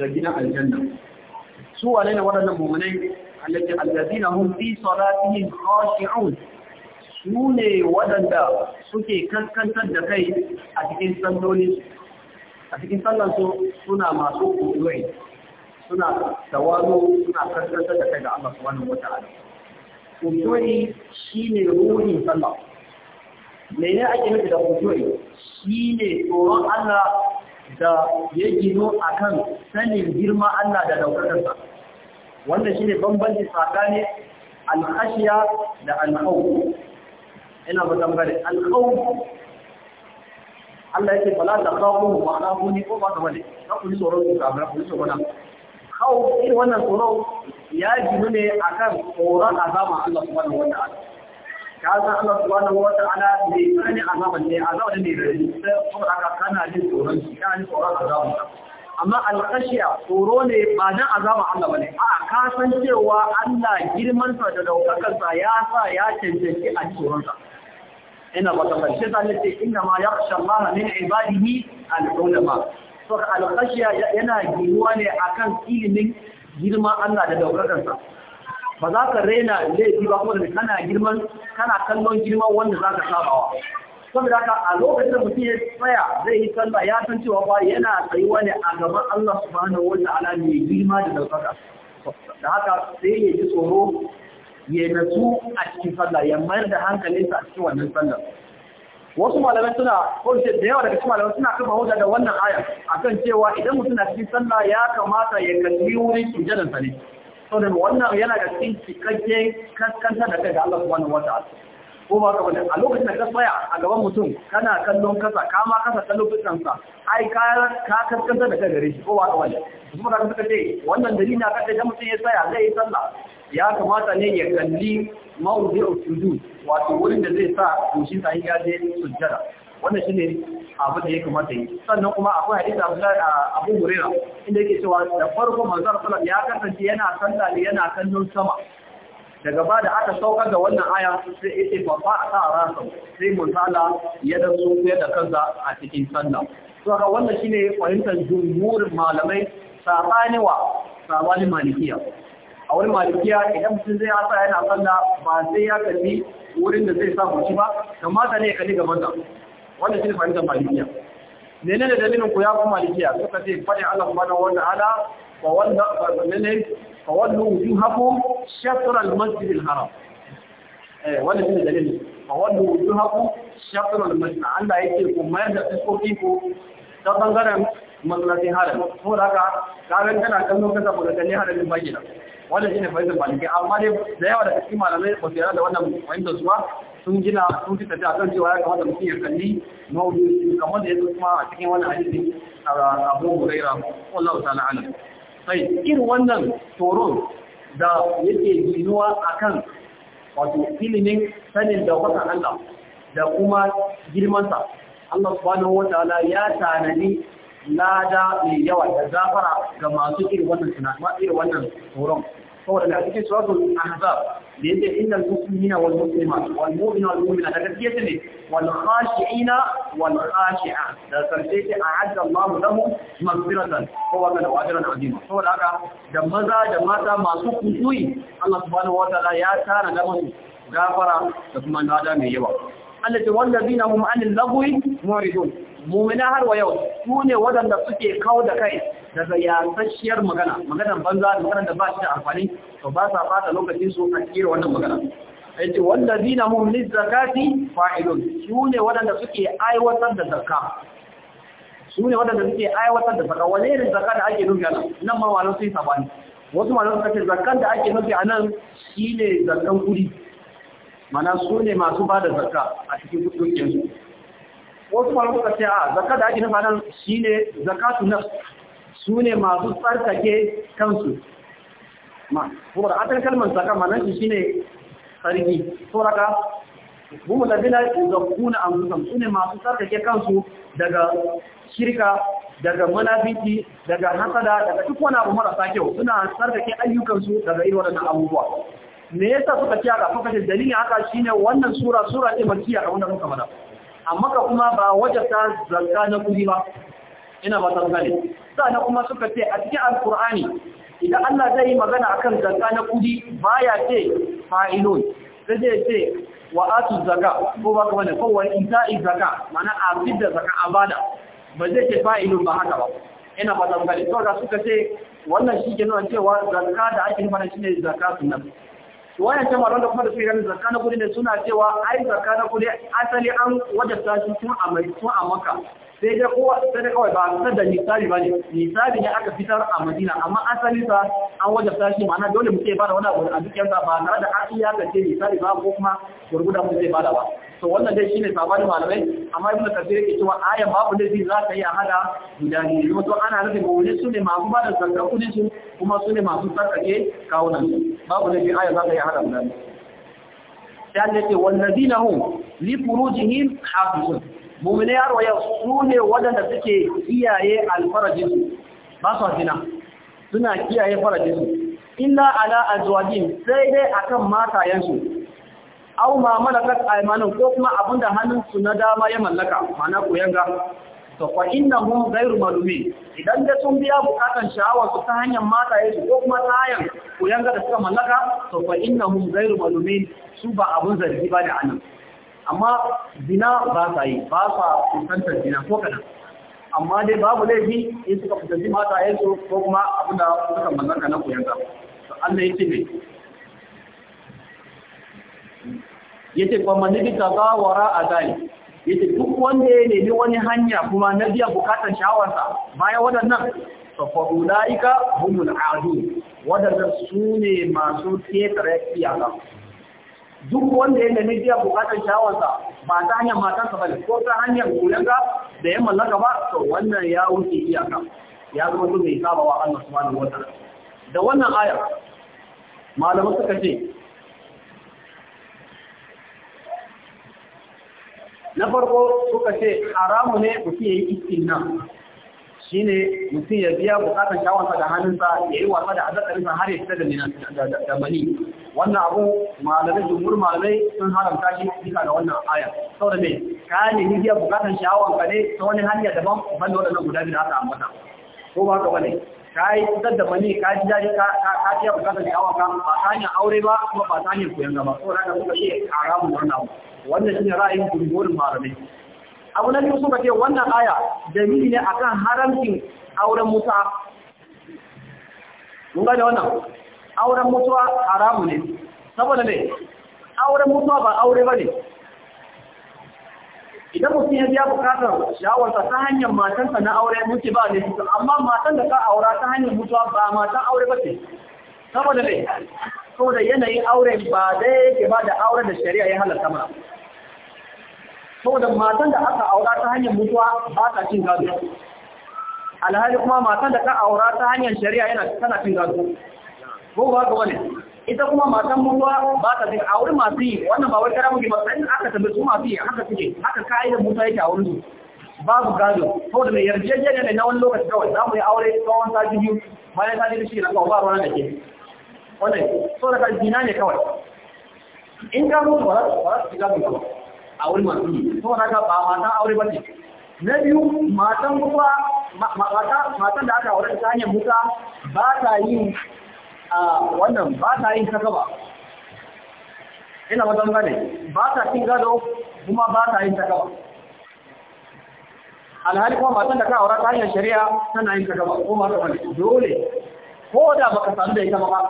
Speaker 1: da gidan aljanna su wane ne waɗannan mummunai allati allazina hum fi salatihim khashi'un su ne waɗanda suke kankantar da kai a cikin salloli a cikin sallan su suna masu kuɗuwai suna tawazo suna kankantar da kai ga Allah subhanahu wata'ala kuɗuwai ne ruhin sallah mene ake nufi da kuɗuwai shine tsoron Allah da ya gino a kan sanin girma Allah da daukatarsa wanda shi ne bambanci tsakanin al'ashiya da alhau. ina ba tambare al'au Allah yake fala da kawo ba na kuni ko ba ka bane ka kuni tsoron su kamar kuli tsoron kawo irin wannan tsoro ya gino ne akan tsoron azama Allah subhanahu wanda ala. ka san Allah subhanahu wa ta'ala bai sani azaban ne azaban ne bai sai kuma haka kana jin tsoron shi kana jin tsoron azaban amma alƙashiya tsoro ne ba na azaban Allah bane a ka san cewa Allah girman sa da daukakar sa ya sa ya cancanci a tsoron sa ina ba ta karshe ta ne inda ma yakhsha Allah min ibadihi al-ulama to alƙashiya yana ginuwa ne akan ilimin girman Allah da daukakar sa ba za ka raina laifi ba kuma da kana girman kana kallon girman wanda za ka sabawa saboda haka a lokacin da mutum ya tsaya zai yi sallah ya san cewa ba yana tsayuwa ne a gaban Allah subhanahu wa ta'ala mai girma da daukaka da haka sai ya ji tsoro ya natsu a cikin sallah ya mayar da hankalinsa a cikin wannan sallah wasu malamai suna ko da yawa daga cikin malamai suna kafa hujja da wannan aya akan cewa idan mutum na cikin sallah ya kamata ya kalli wurin sujadan sa ne so da wannan yana da cikin cikakke kaskanta da kai ga Allah subhanahu wataala ko ba ka bane a lokacin da ka tsaya a gaban mutum kana kallon kasa ka ma kasa kallon fuskansa ai ka ka kaskanta da kai gare shi ko ba ka bane kuma ka suka ce wannan dalili na kada da mutum ya tsaya zai yi sallah ya kamata ne ya kalli mawdi'u sujud wato wurin da zai sa goshin sa ya je sujjada wannan shine abin da ya kamata yi sannan kuma akwai hadisi abu hurera inda yake cewa da farko manzon sallallahu ya kasance yana sallah ne yana kallon sama daga ba da aka saukar da wannan aya sai ita babba a a rasa sai musala ya da su ya da kansa a cikin sallah to haka wannan shine fahimtar jumhurin malamai sabani wa sabani malikiya a wani malikiya idan mutum zai asa yana sallah ba sai ya kalli wurin da zai sa shi ba kamata ne ya kalli gaban sa wannan ne fahimtar malikiya menene dalilin ku ya fi malikiya suka ce fadin Allah subhanahu wa ta'ala Ba wanda ba menene fa wallu wujuhakum shatr al-masjid al-haram eh wannan shine dalilin fa wallu wujuhakum shatr al-masjid Allah ce ku mayar da tsokoki ku ta bangaren masallacin haram ko da ka karan kana kallo kasa da kalli haramin ba kenan wannan ne fahimtar maliki amma dai da yawa da cikin malamai ba su yarda da wannan fahimtar su ba sun gina sun fi tafiya kan cewa ya kamata mutum ya kalli maudu'i kamar da ya kuma a cikin wani hadisi a abu buraira wallahu ta'ala alam sai irin wannan tsoron da yake ginuwa akan wato ilimin sanin da wata Allah da kuma girmansa Allah subhanahu wa ta'ala ya tanadi lada mai yawa da zafara ga masu irin wannan tunanin irin wannan tsoron saboda a cikin suratul ahzab da yake innal muslimina wal muslimat wal mu'mina wal mu'mina da gaskiya ne wal khashi'ina wal khashi'a da karshe ce a'adda Allahu lahum maghfiratan ko wa ajran azima saboda haka da maza da mata masu kusuri Allah subhanahu wa ta'ala ya tara da gafara da kuma mai yawa Allah ce wallazina har wa yau sune wadanda suke kawo da kai daga yasasshiyar magana maganar banza da maganar da ba shi da amfani to ba sa fata lokacin su a cikin wannan magana yace wallazina hum zakati fa'ilun sune wadanda suke aiwatar da zakka sune waɗanda suke aiwatar da zakka wane ne zakka da ake nufi anan nan ma malan sai sabani wasu malan suka ce zakkan da ake nufi anan shine zakkan kudi mana sune masu bada zakka a cikin dukiyarsu wasu malan suka ce a zakka da ake nufi anan shine zakatu nafs su ne masu tsarkake kansu ma kuma da atar kalmar saka manan shi ne sarki saboda mu mutabila yuzakkuna anfusahum su ne masu tsarkake kansu daga shirka daga munafiki daga hasada daga duk wani abu marasa kyau suna tsarkake ayyukansu daga irin waɗannan abubuwa me yasa suka ci aka suka ce dalilin haka shine wannan sura sura ce makiya a wannan mana amma ka kuma ba ta zakka na kudi ba ina ba ta gane na kuma suka ce a cikin alkur'ani idan Allah zai yi magana akan zakka na kudi baya ce fa'ilun sai zai ce wa atu zakka ko ba kuma ne ko wa isa'i zakka mana a da zakka a bada ba zai ce fa'ilun ba haka ba ina ba ta gane to da suka ce wannan shi ke nuna cewa zakka da ake nufa ne zakka sunan wannan ce malaman da kuma da su iran zakka na kudi ne suna cewa ai zakka na kudi asali an wajabta shi tun a tun a makka sai dai kowa sai dai kawai ba fitar da misali ba ne nisabi ne aka fitar a madina amma asali sa an wajen tashi ma'ana dole muke da wani abu a dukkan sa ba tare da an ya kace ce ba ko kuma gurguda mu ba da ba to wannan dai shine sabani malamai amma ibn kasir yake cewa ayan babu da zai za ta yi hada guda ne kuma to ana nufin mawulin su ne masu da zakka kudi su kuma su ne masu sarkake kawunan babu da zai aya za ta yi hada guda ne sai Allah ya wallazina hum li furujihim hafizun mummune yaro yau su ne waɗanda suke kiyaye alfarajinsu ba su zina suna kiyaye farajinsu ina ala azwajin sai dai akan matayensu au ma malakar aymanin ko kuma abinda hannunsu na dama ya mallaka mana koyanga to ina mun ghayru malumi idan da sun biya bukatan sha'awar su ta hanyar matayensu ko kuma ta hanyar koyanga da suka mallaka to ina mun ghayru malumi su ba abin zargi ba da anan amma zina ba sa yi ba sa kusantar zina ko kana amma dai babu laifi in suka kusanci mata so ko kuma da suka mallaka na koyan ka to Allah ya ce ne Ya ce kwamma ne ka ga wara a dai ce duk wanda ya nemi wani hanya kuma na biya bukatar shawarsa bayan wadannan fa ulaika humul adu su ne masu ketare iyaka duk wanda ya ne biya bukatar shawarsa ba ta hanyar matarsa ba ko ta hanyar kulenga da ya mallaka ba to wannan ya wuce iyaka ya zama su mai saba wa Allah subhanahu wa ta'ala da wannan aya malamai suka ce na farko suka ce haramu ne mutum yi istinna ne mutum ya biya bukatar kyawansa da hannunsa ya yi wasa da azakarinsa har ya fita da mani wannan abu malamai jumhur malamai sun haramta shi bisa ga wannan aya saboda mai, ka ne ni biya bukatar shawanka ne ta wani hanya daban ban da waɗannan guda biyu da aka ambata ko ba ka bane ka yi fitar da mani ka ji daɗi ka ka biya bukatar shawanka ba ta hanyar aure ba kuma ba ta hanyar koyon gaba saboda haka suka ce haramun wannan abu wannan shine ra'ayin jumhur malamai abu na biyu suka ce wannan aya dalili ne akan haramcin auren mutuwa mun gane wannan auren mutuwa haramu ne saboda ne auren mutuwa ba aure ba ne idan mutum ya biya bukatar shawarsa ta hanyar matansa na aure muke ba ne amma matan da ka aura ta hanyar mutuwa ba matan aure ba ce saboda ne saboda yanayin aure ba da yake ba da aure da shari'a ya halarta mana saboda matan da aka aura ta hanyar mutuwa ba ta cin gado alhali kuma matan da ka aura ta hanyar shari'a yana tana cin gado ko ba ga wani ita kuma matan mutuwa ba ta cin aure masu yi wannan ba wai karamu ba sai aka tambaye su masu yi haka suke haka kai da mutuwa yake aure su babu gado saboda mai yarjejeniya ne na wani lokaci kawai za mu yi aure tsawon sati biyu bayan sati biyu shi na kawai ba ruwa da ke wannan saboda ka jina ne kawai in ka mutu ba za su shiga mutuwa a wurin masu yi saboda haka ba matan aure ba ce na biyu matan musa matan da aka aure ta hanyar musa ba ta yin wannan ba ta yin saka ba ina matan gane ba ta cin gado kuma ba ta yin saka ba alhali kuma matan da ka aure ta hanyar shari'a tana yin saka ba ko mata bane dole ko da baka samu da ita ba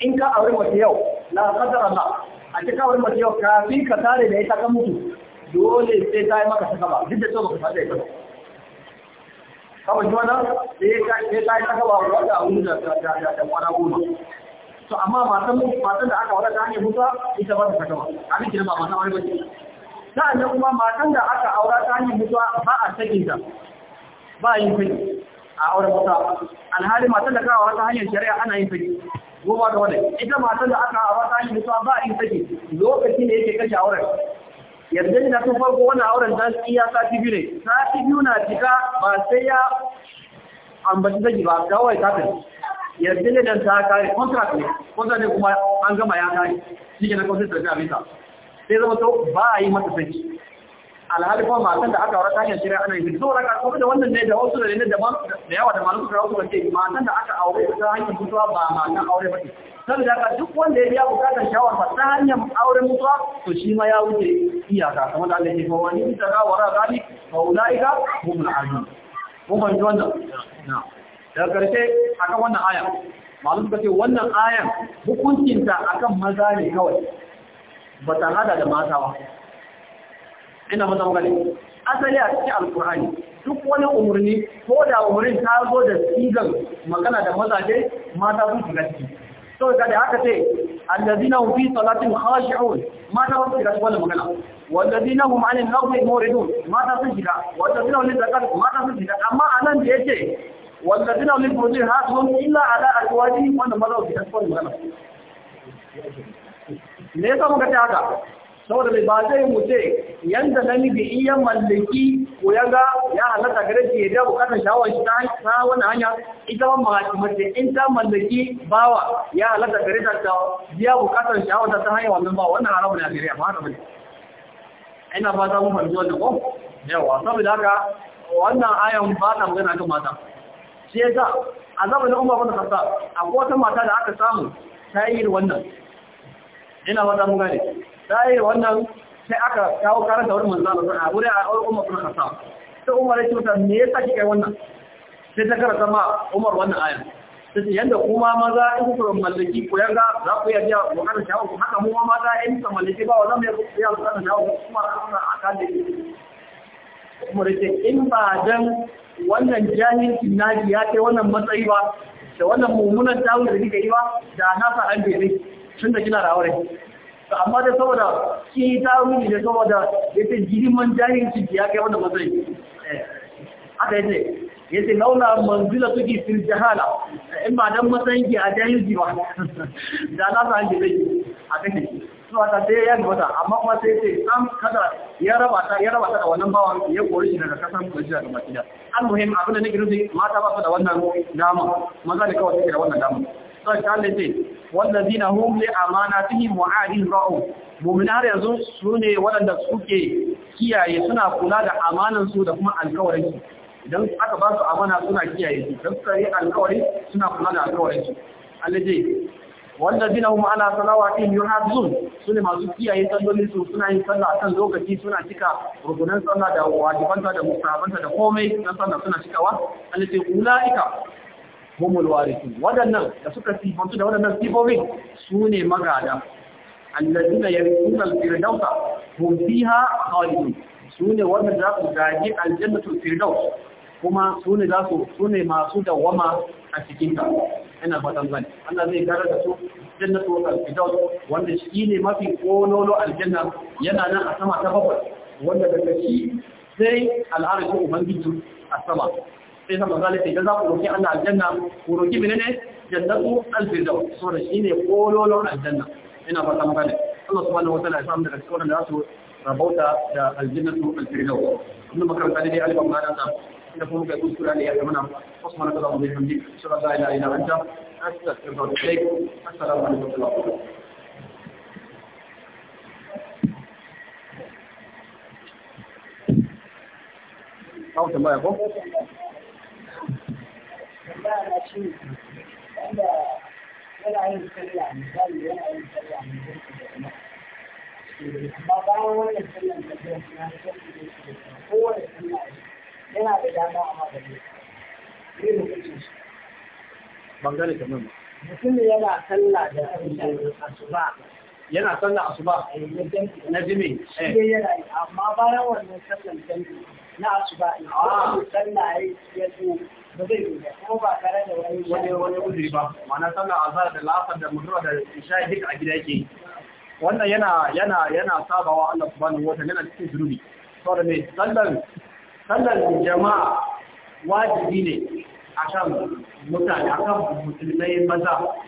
Speaker 1: in ka aure mace yau la qadara Allah a ci kawar mace yau kafin ka tare da ita kan mutu dole sai ta yi maka sakaba duk da cewa baka tare da ita kawai ji wannan sai ta yi sakaba wanda a wuri da kwana goma to amma matan matan da aka ta hanyar mutuwa ita ba ta sakaba abin kira ba matan wani bace sa'an nan kuma matan da aka aura ta hanyar mutuwa ba a sakin ta ba a yin fadi a auren mutuwa alhali matan da aka aura ta hanyar shari'a ana yin fadi goma da wani ita matan da aka hawa ta shi mutuwa ba a yi sake lokaci ne yake kashe auren yanzu ne na tun farko wannan auren dan iya sati biyu ne sati biyu na cika ba sai ya ambaci zaki ba kawai ta tafi yanzu ne dan ta kare contract ne contract ne kuma an gama ya kare shi ke na kawai sai ta sai zama to ba a yi mata sake alhali kuma matan da aka aure ta hanyar shari'a ana yin zuwa ka kuma da wannan ne da wasu da ne da da yawa da malamu da wasu bace matan da aka aure ta hanyar mutuwa ba matan aure ba saboda ka duk wanda ya biya bukatar shawar ta hanyar aure mutuwa to shi ma ya wuce iyaka kamar da Allah ya fa wani ta ga wara zali fa ulaika humul azim mun ban wannan na da karshe akan wannan aya malum kace wannan ayan hukuncinta akan maza ne kawai ba ta hada da mata ba ina mata magani asali a cikin alkur'ani duk wani umarni ko da umarnin ta zo da sigan magana da mazaje mata sun shiga ciki so ga da haka ce allazina hum fi salatin khashi'un mata sun shiga wannan magana wallazina hum 'anil lagwi muridun mata sun shiga wallazina hum lizakat mata sun shiga amma anan da yake wallazina hum lifurujin hasbun illa ala azwaji wanda maza su shiga cikin magana me sa muka ce haka saboda mai ba zai mutu yanda namiji iya mallaki ko ya ga ya halatta gare shi ya biya bukatar shawar shi ta wani hanya ita ma mace mace in ta mallaki bawa ya halatta gare ta ta biya bukatar shawar ta hanyar wannan ba wannan haramun ya a ba haramun ina ba ta mun fahimci wannan ko yawa saboda haka wannan ayan ba ta magana kan mata shi sa, a na umar wani khattab akwai wata mata da aka samu ta yi wannan ina ba mun gane sai wannan sai aka kawo karanta da wani manzana sun a wuri a umar sun hasa sai umar ya cuta me yasa kai wannan sai ta karanta ma umar wannan ayan sai yanda kuma maza in kuka mallaki ko yanga za ku iya jiya ku kana shawo ku haka mu ma mata in kuka mallaki ba wannan me ya ku kana shawo kuma ana akan da umar ya in ba dan wannan jahilcin naji ya kai wannan matsayi ba da wannan mummunan tawuri da kika yi ba da na sa an bebe tun da kina da aure to amma da saboda shi ta mini da saboda yace girman jahilci ya kai wannan matsayi eh, haka yace yace launa manzila tuki fil jahala eh, in ma dan matsayin ki a jahilci ba [LAUGHS] da na san ki zai a kake su ta dai ya wata. amma kuma sai ce sam kada ya raba ta ya raba ta da wannan bawan ya kori shi daga kasar majiya da matiya al muhim abin da nake nufi mata ba su da wannan dama maza da kawai suke da wannan dama sai Allah ce wallazina hum li amanatihim ra'u mu'mina har yanzu sune waɗanda suke kiyaye suna kula da amanan da kuma alƙawarin su idan aka ba su amana suna kiyaye su dan kare alƙawari suna kula da alƙawarin su Allah ce hum ala salawatihim yuhafizun sune masu kiyaye sallolin su suna yin sallah kan lokaci suna cika rukunan sallah da wajibanta da musabanta da komai na sallah suna cikawa Allah ce ulaika humul warisun waɗannan da suka sifantu da waɗannan sifofin su ne magada allazina yarithuna al-firdausa fi ha khalidun su ne wanda za su gaji aljannatul firdaus kuma su ne za su su ne masu dawama a cikinta. Yana fatan Allah zai gara da su jannatul firdaus wanda shi ne mafi kololo aljanna yana nan a sama ta bakwai wanda daga shi sai al'arshin ubangiji a sama sai sa manzo Allah idan za ku roki Allah aljanna ku roki menene jannatu al-firdaus saboda shine kololon aljanna ina fata muka ne Allah subhanahu wataala ya samu daga cikin wanda za su rabauta da aljannatu al-firdaus kuma makaranta dai alban ma dan da kuma kai kuskura ne ya zama na Usman Allah mu bihamdi sallallahu alaihi wa sallam astaghfiruka wa atubu assalamu alaikum wa rahmatullahi Auto tambaya ko?
Speaker 2: yana yin sallah misali yana yin sallah ne don da amma bayan wannan sallah da zai na son da su yana da
Speaker 1: dama shi ban yana sallah da asuba yana sallah asuba na jimi shi yana amma bayan wannan sallah jami'i na asuba in ah. sallah yayi ya zo ba zai yi kuma ba tare da wani wani wani uzuri ba ma'ana sallah azhar da lafar da magriba da isha duk a gida yake wannan yana yana yana sabawa Allah subhanahu wata yana cikin zunubi saboda me sallar sallar jama'a wajibi ne akan mutane akan musulmai maza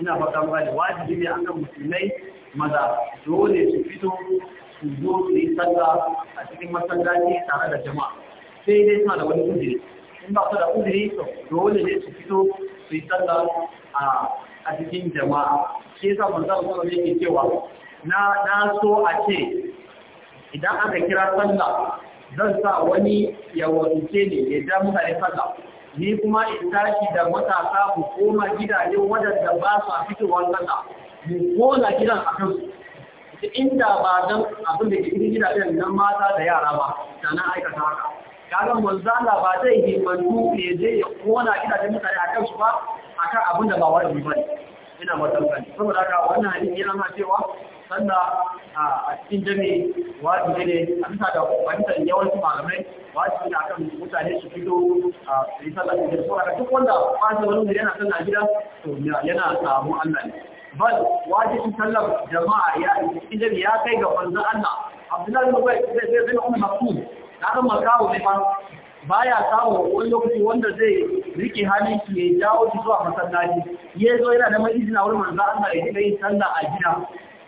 Speaker 1: ina fata mutane wajibi ne akan musulmai maza dole su fito su zo su a cikin masallaci tare da jama'a sai dai suna da wani uzuri in ba su da dole ne su fito su yi sallah a cikin jama'a shi yasa manzo Allah ne cewa na na so a ce idan aka kira sallah zan sa wani ya ne ya ja muka da ni kuma in tashi da matasa mu koma gidaje wadanda ba su fitowar sallah mu kona gidan a kansu inda ba don abin da ke cikin gidajen nan mata da yara ba da na aikata haka kaga manzo Allah ba zai himmatu ne zai ya kona gidajen mutane a kansu ba akan abin da ba wajibi ba ina matan saboda haka wannan hadisi yana cewa sanda a cikin jami wajibi ne a bisa da fahimtar yawancin malamai wajibi ne akan mutane su fito a yi sallah da su duk wanda ba su wani yana sallah gida to yana samu Allah ne bal wajibin sallar jama'a ya idan ya kai ga manzon Allah Abdullahi bin Ubay zai zai zai umma maksud kaga makawo ne ba baya samu wani lokaci wanda zai rike hannun ki ya jawo shi zuwa masallaci ya zo yana da mai izina wani manzon Allah ya dinga yin sallah a gida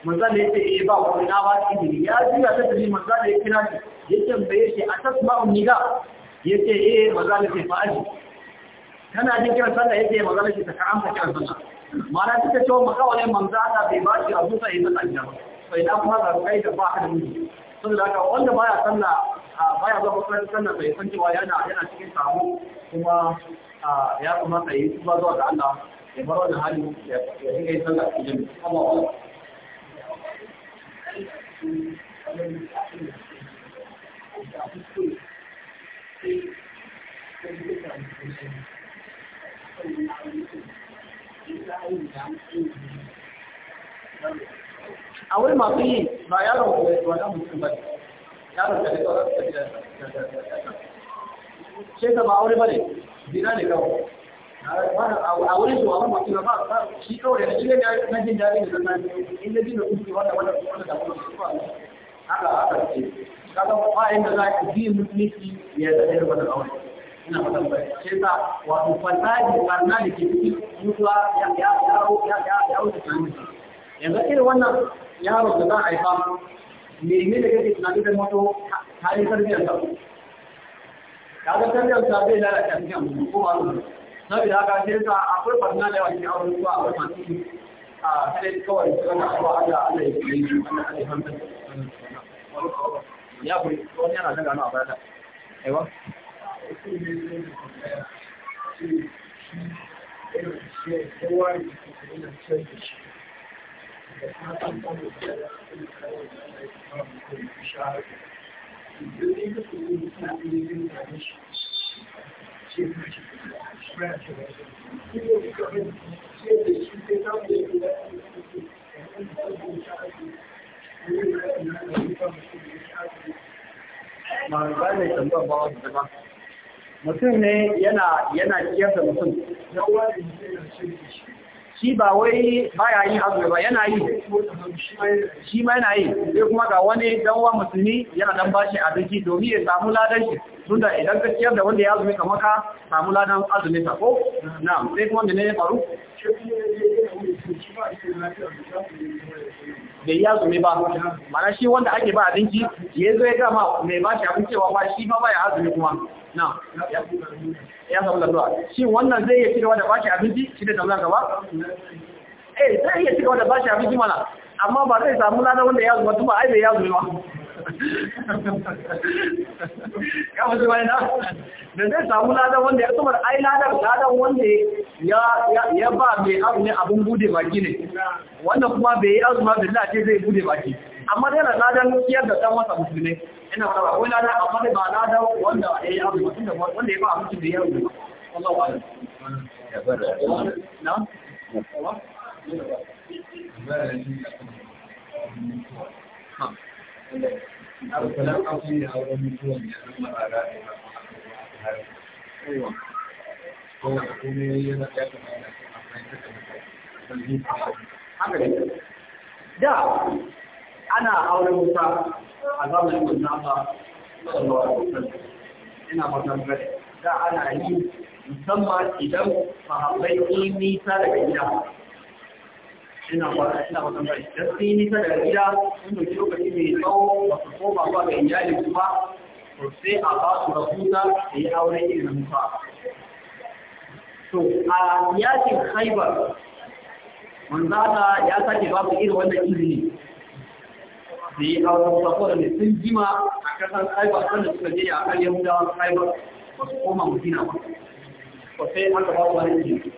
Speaker 1: manzon da ce eh ba wani na ba shi ya juya ta tafi manzon da ya kira shi ya tambaye shi atasma'u niga yace eh manzon da ke fa'aji kana jin kiran sallah ce eh, manzon da ke ta ka'amta kiran sallah mana suka ce wa manza manzana bai ba shi abu sai ta tsanja sai dan fara kai da ba a sun da ka wanda baya sanna baya zuwa makarantar sanna bai san cewa yana yana cikin samu kuma ya kamata yi Kuma zuwa ga Allah ya bar wannan hali ya dinga yin sallah cikin Allah Allah
Speaker 2: Thank you. a masu yi ba yaron
Speaker 1: wannan mutum ba yaron da daga ce ta ba aure ba ne zina ne kawo a wurin su wani mutum ba ba shi kawai da shiga na jin daɗi da zan inda jin da kuma wanda wanda wanda da kuma su ba haka haka ce kaga ba inda za ka bi mutum ya zaɗe da wannan ina fatan bai sai wato fasadi barna da ke cikin mutuwa ya ya ya ya ya wuce tunani yanzu irin wannan yaro da za a haifa me ne da kake tunani da moto halin tarbiyyar sa kaga tarbiyyar sa zai lalata cikin mutum ko ba ruwa saboda haka sai sa akwai barna da yawa cikin auren a akwai masu a kare kawai suna zuwa Allah Allah ya kare shi Allah ya hanzarta ya kuri wani yana daga na a baya da
Speaker 2: aiwa 麻烦你准
Speaker 1: 备包，行吗？mutum ne yana yana ciyar da mutum shi ba wai baya yin azumi ba yana yi shi ma yana yi sai kuma ga wani danwa musulmi yana dan bashi abinci domin ya samu ladan shi tunda idan ka ciyar da wanda ya azumi kamar ka samu ladan azumin ta ko na'am sai kuma ne ya faru da ya azumi ba mana shi wanda ake ba abinci ya zo ya gama mai ba shi abin cewa ba shi ba ba ya azumi kuma na ya samu lalura shi wannan zai iya cigaba da ba shi abinci shi da tamzan gaba eh zai iya cigaba da ba shi abinci mana amma ba zai samu lada wanda ya zuwa tuba ai bai ya zuwa ya wasu bai na da zai samu lada wanda ya tuba ai lada lada wanda ya ba mai abu ne abin bude baki ne wanda kuma bai yi azuma bai lati zai bude baki amma dai na ladan kiyar da ta wasa musulmi ina fara ba wai ladan amma dai ba lada wanda ya yi azuma wanda ya ba mutum da ya
Speaker 2: zuwa
Speaker 1: na? da ana aure wuta a zamanin manzaba sallallahu alaihi wasallam ina matan da ana yi musamman idan sahabbai sun nisa daga gida ina ba daga gida lokaci mai tsawo ba su koma ba ba to a irin to a yakin haibar manzana ya sake ba su irin wannan izini da yi auren musa da mai sun jima a kasar haibar sanda suka je a kan yahudawan haibar ba su koma mutina ba to sai aka ba su wani izini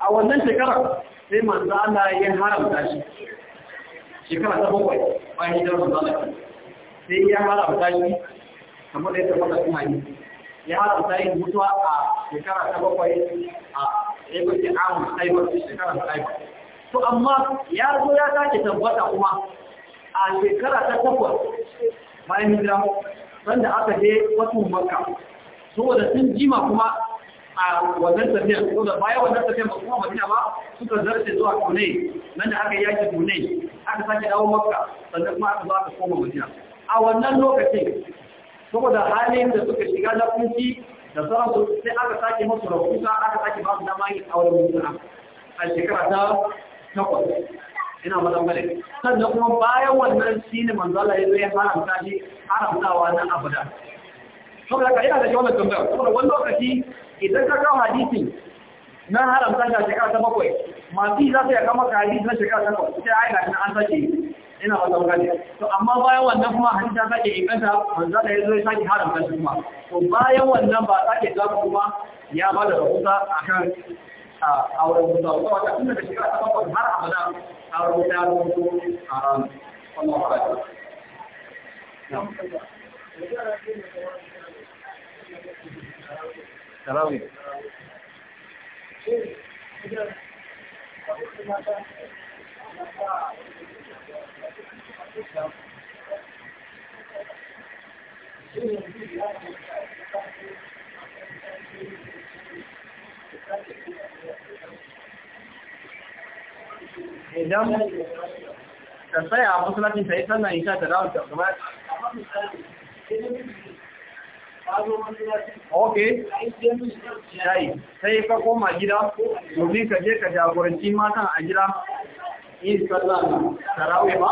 Speaker 1: a wannan shekarar sai manzo Allah ya haramta shi shekara ta bakwai bayan hijirar manzo Allah sai ya haramta shi kamar da ya tabbata kuma yi ya haramta yin mutuwa a shekara ta bakwai a ebisi amun aibar shekara ta aibar to amma ya zo ya sake tabbata kuma a shekara ta takwas bayan hijira sanda aka je wasu makka saboda sun jima kuma a wannan tafiya ko da bayan wannan tafiya ba kuma madina ba suka zarce zuwa kune nan da aka yaki kune aka sake dawo makka sannan kuma aka zo ka koma madina a wannan lokacin saboda halin da suka shiga na kunci da sauransu sai aka sake masu rahusa aka sake ba su dama yin auren mutuna a shekara ta takwas ina mazan bane sannan kuma bayan wannan shi ne manzala ya zai haramta shi haramtawa na abada saboda ka ina da shi wannan tambayar saboda wani lokaci idan ka kawo hadisin na haramta shekara ta bakwai masu yi za su to amma bayan wannan kuma hadisi sake inganta da ya sake haramta shi kuma bayan wannan ba sake kuma ya ba da rahusa a wurin mutuwa wata tun da shekara ta bakwai har abada a ya a wannan tarawih idan ka tsaya a musulacin ta yi sannan isha ta rawar ta kuma ok shayi sai ka koma gida domin ka je ka jagoranci matan a gida in sallah tarawih ba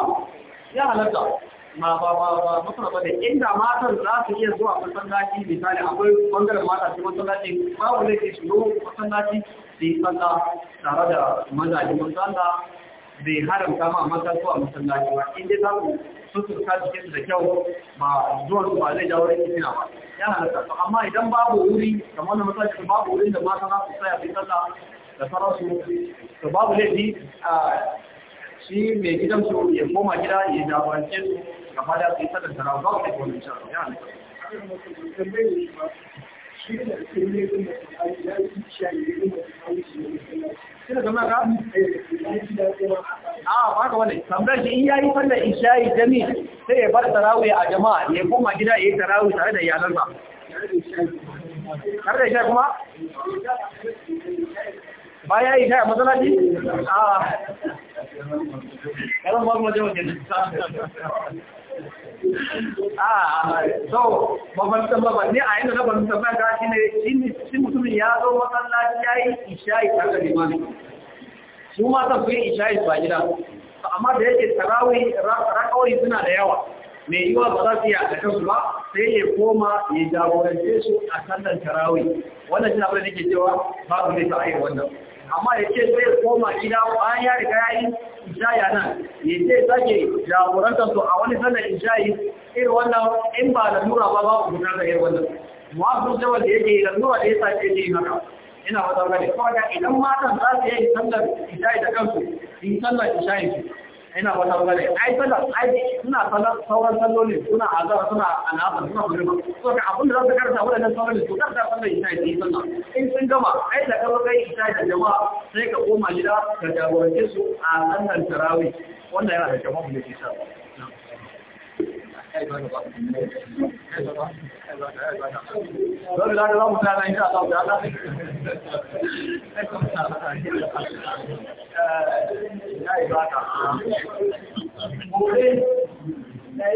Speaker 1: ya halatta ma ba ba ba masana ba da inda matan za su iya zuwa masallaci misali akwai bangaren mata su masallaci babu zai ke shigo masallaci da yi sallah tare da mazaje masalla bai haramta ma mata zuwa masallaci ba inda za sutur ta jikin da kyau ba zuwan su ba zai jawo rikin fina ba ya halatta amma idan babu wuri kamar wanda masajin babu wurin da mata za su tsaya fi da to babu laifi a shi mai gidan su ya koma gida ya jagorance su gaba da su yi babu wani ya halatta Kina zama ga? A baka wane, tambayar shi in yayi sallar isha'i jami sai ya bar tarawih a jama'a ya koma gida ya yi tarawih tare da iyalansa.
Speaker 2: Tare da isha'i kuma?
Speaker 1: Baya isha'i a matsalaci? A.
Speaker 2: Yaron ba kuma jama'a ke
Speaker 1: a ah, so babban ba ne a yanda na ban tambaya ga shi ne shi mutumin ya zo masallaci yayi isha'i tare da limami su ma zan fi isha'i ba gida amma da yake tarawih rakawai suna da yawa mai yiwa ba za su yi a kansu ba sai ya koma ya jagorance su a sallan tarawi. wannan shi abin da nake cewa babu ne ta ayyukan wannan amma ya ce zai koma gida bayan ya riga ya yi ijaya nan ya ce zage jagoranta su a wani in ijayi iri wannan in ba da nura ba ba ku guda da iri wannan muhabbin jawar da yake da nura da ya sa ce yi haka ina wata gane kawai idan matan za su yi sallar ijayi da kansu in sallar ijayi su ina wata bane ai sallar ai suna sallar sauran sallolin suna azar suna al'afa suna gurma so ka abin da zaka karanta wannan sauran su karanta sallar isha ne sallar in sun gama ai da karo kai isha da jama'a sai ka koma gida ka jagorance su a sallar tarawih wannan yana da jama'a ne ke
Speaker 2: dole za ka za mu tsaya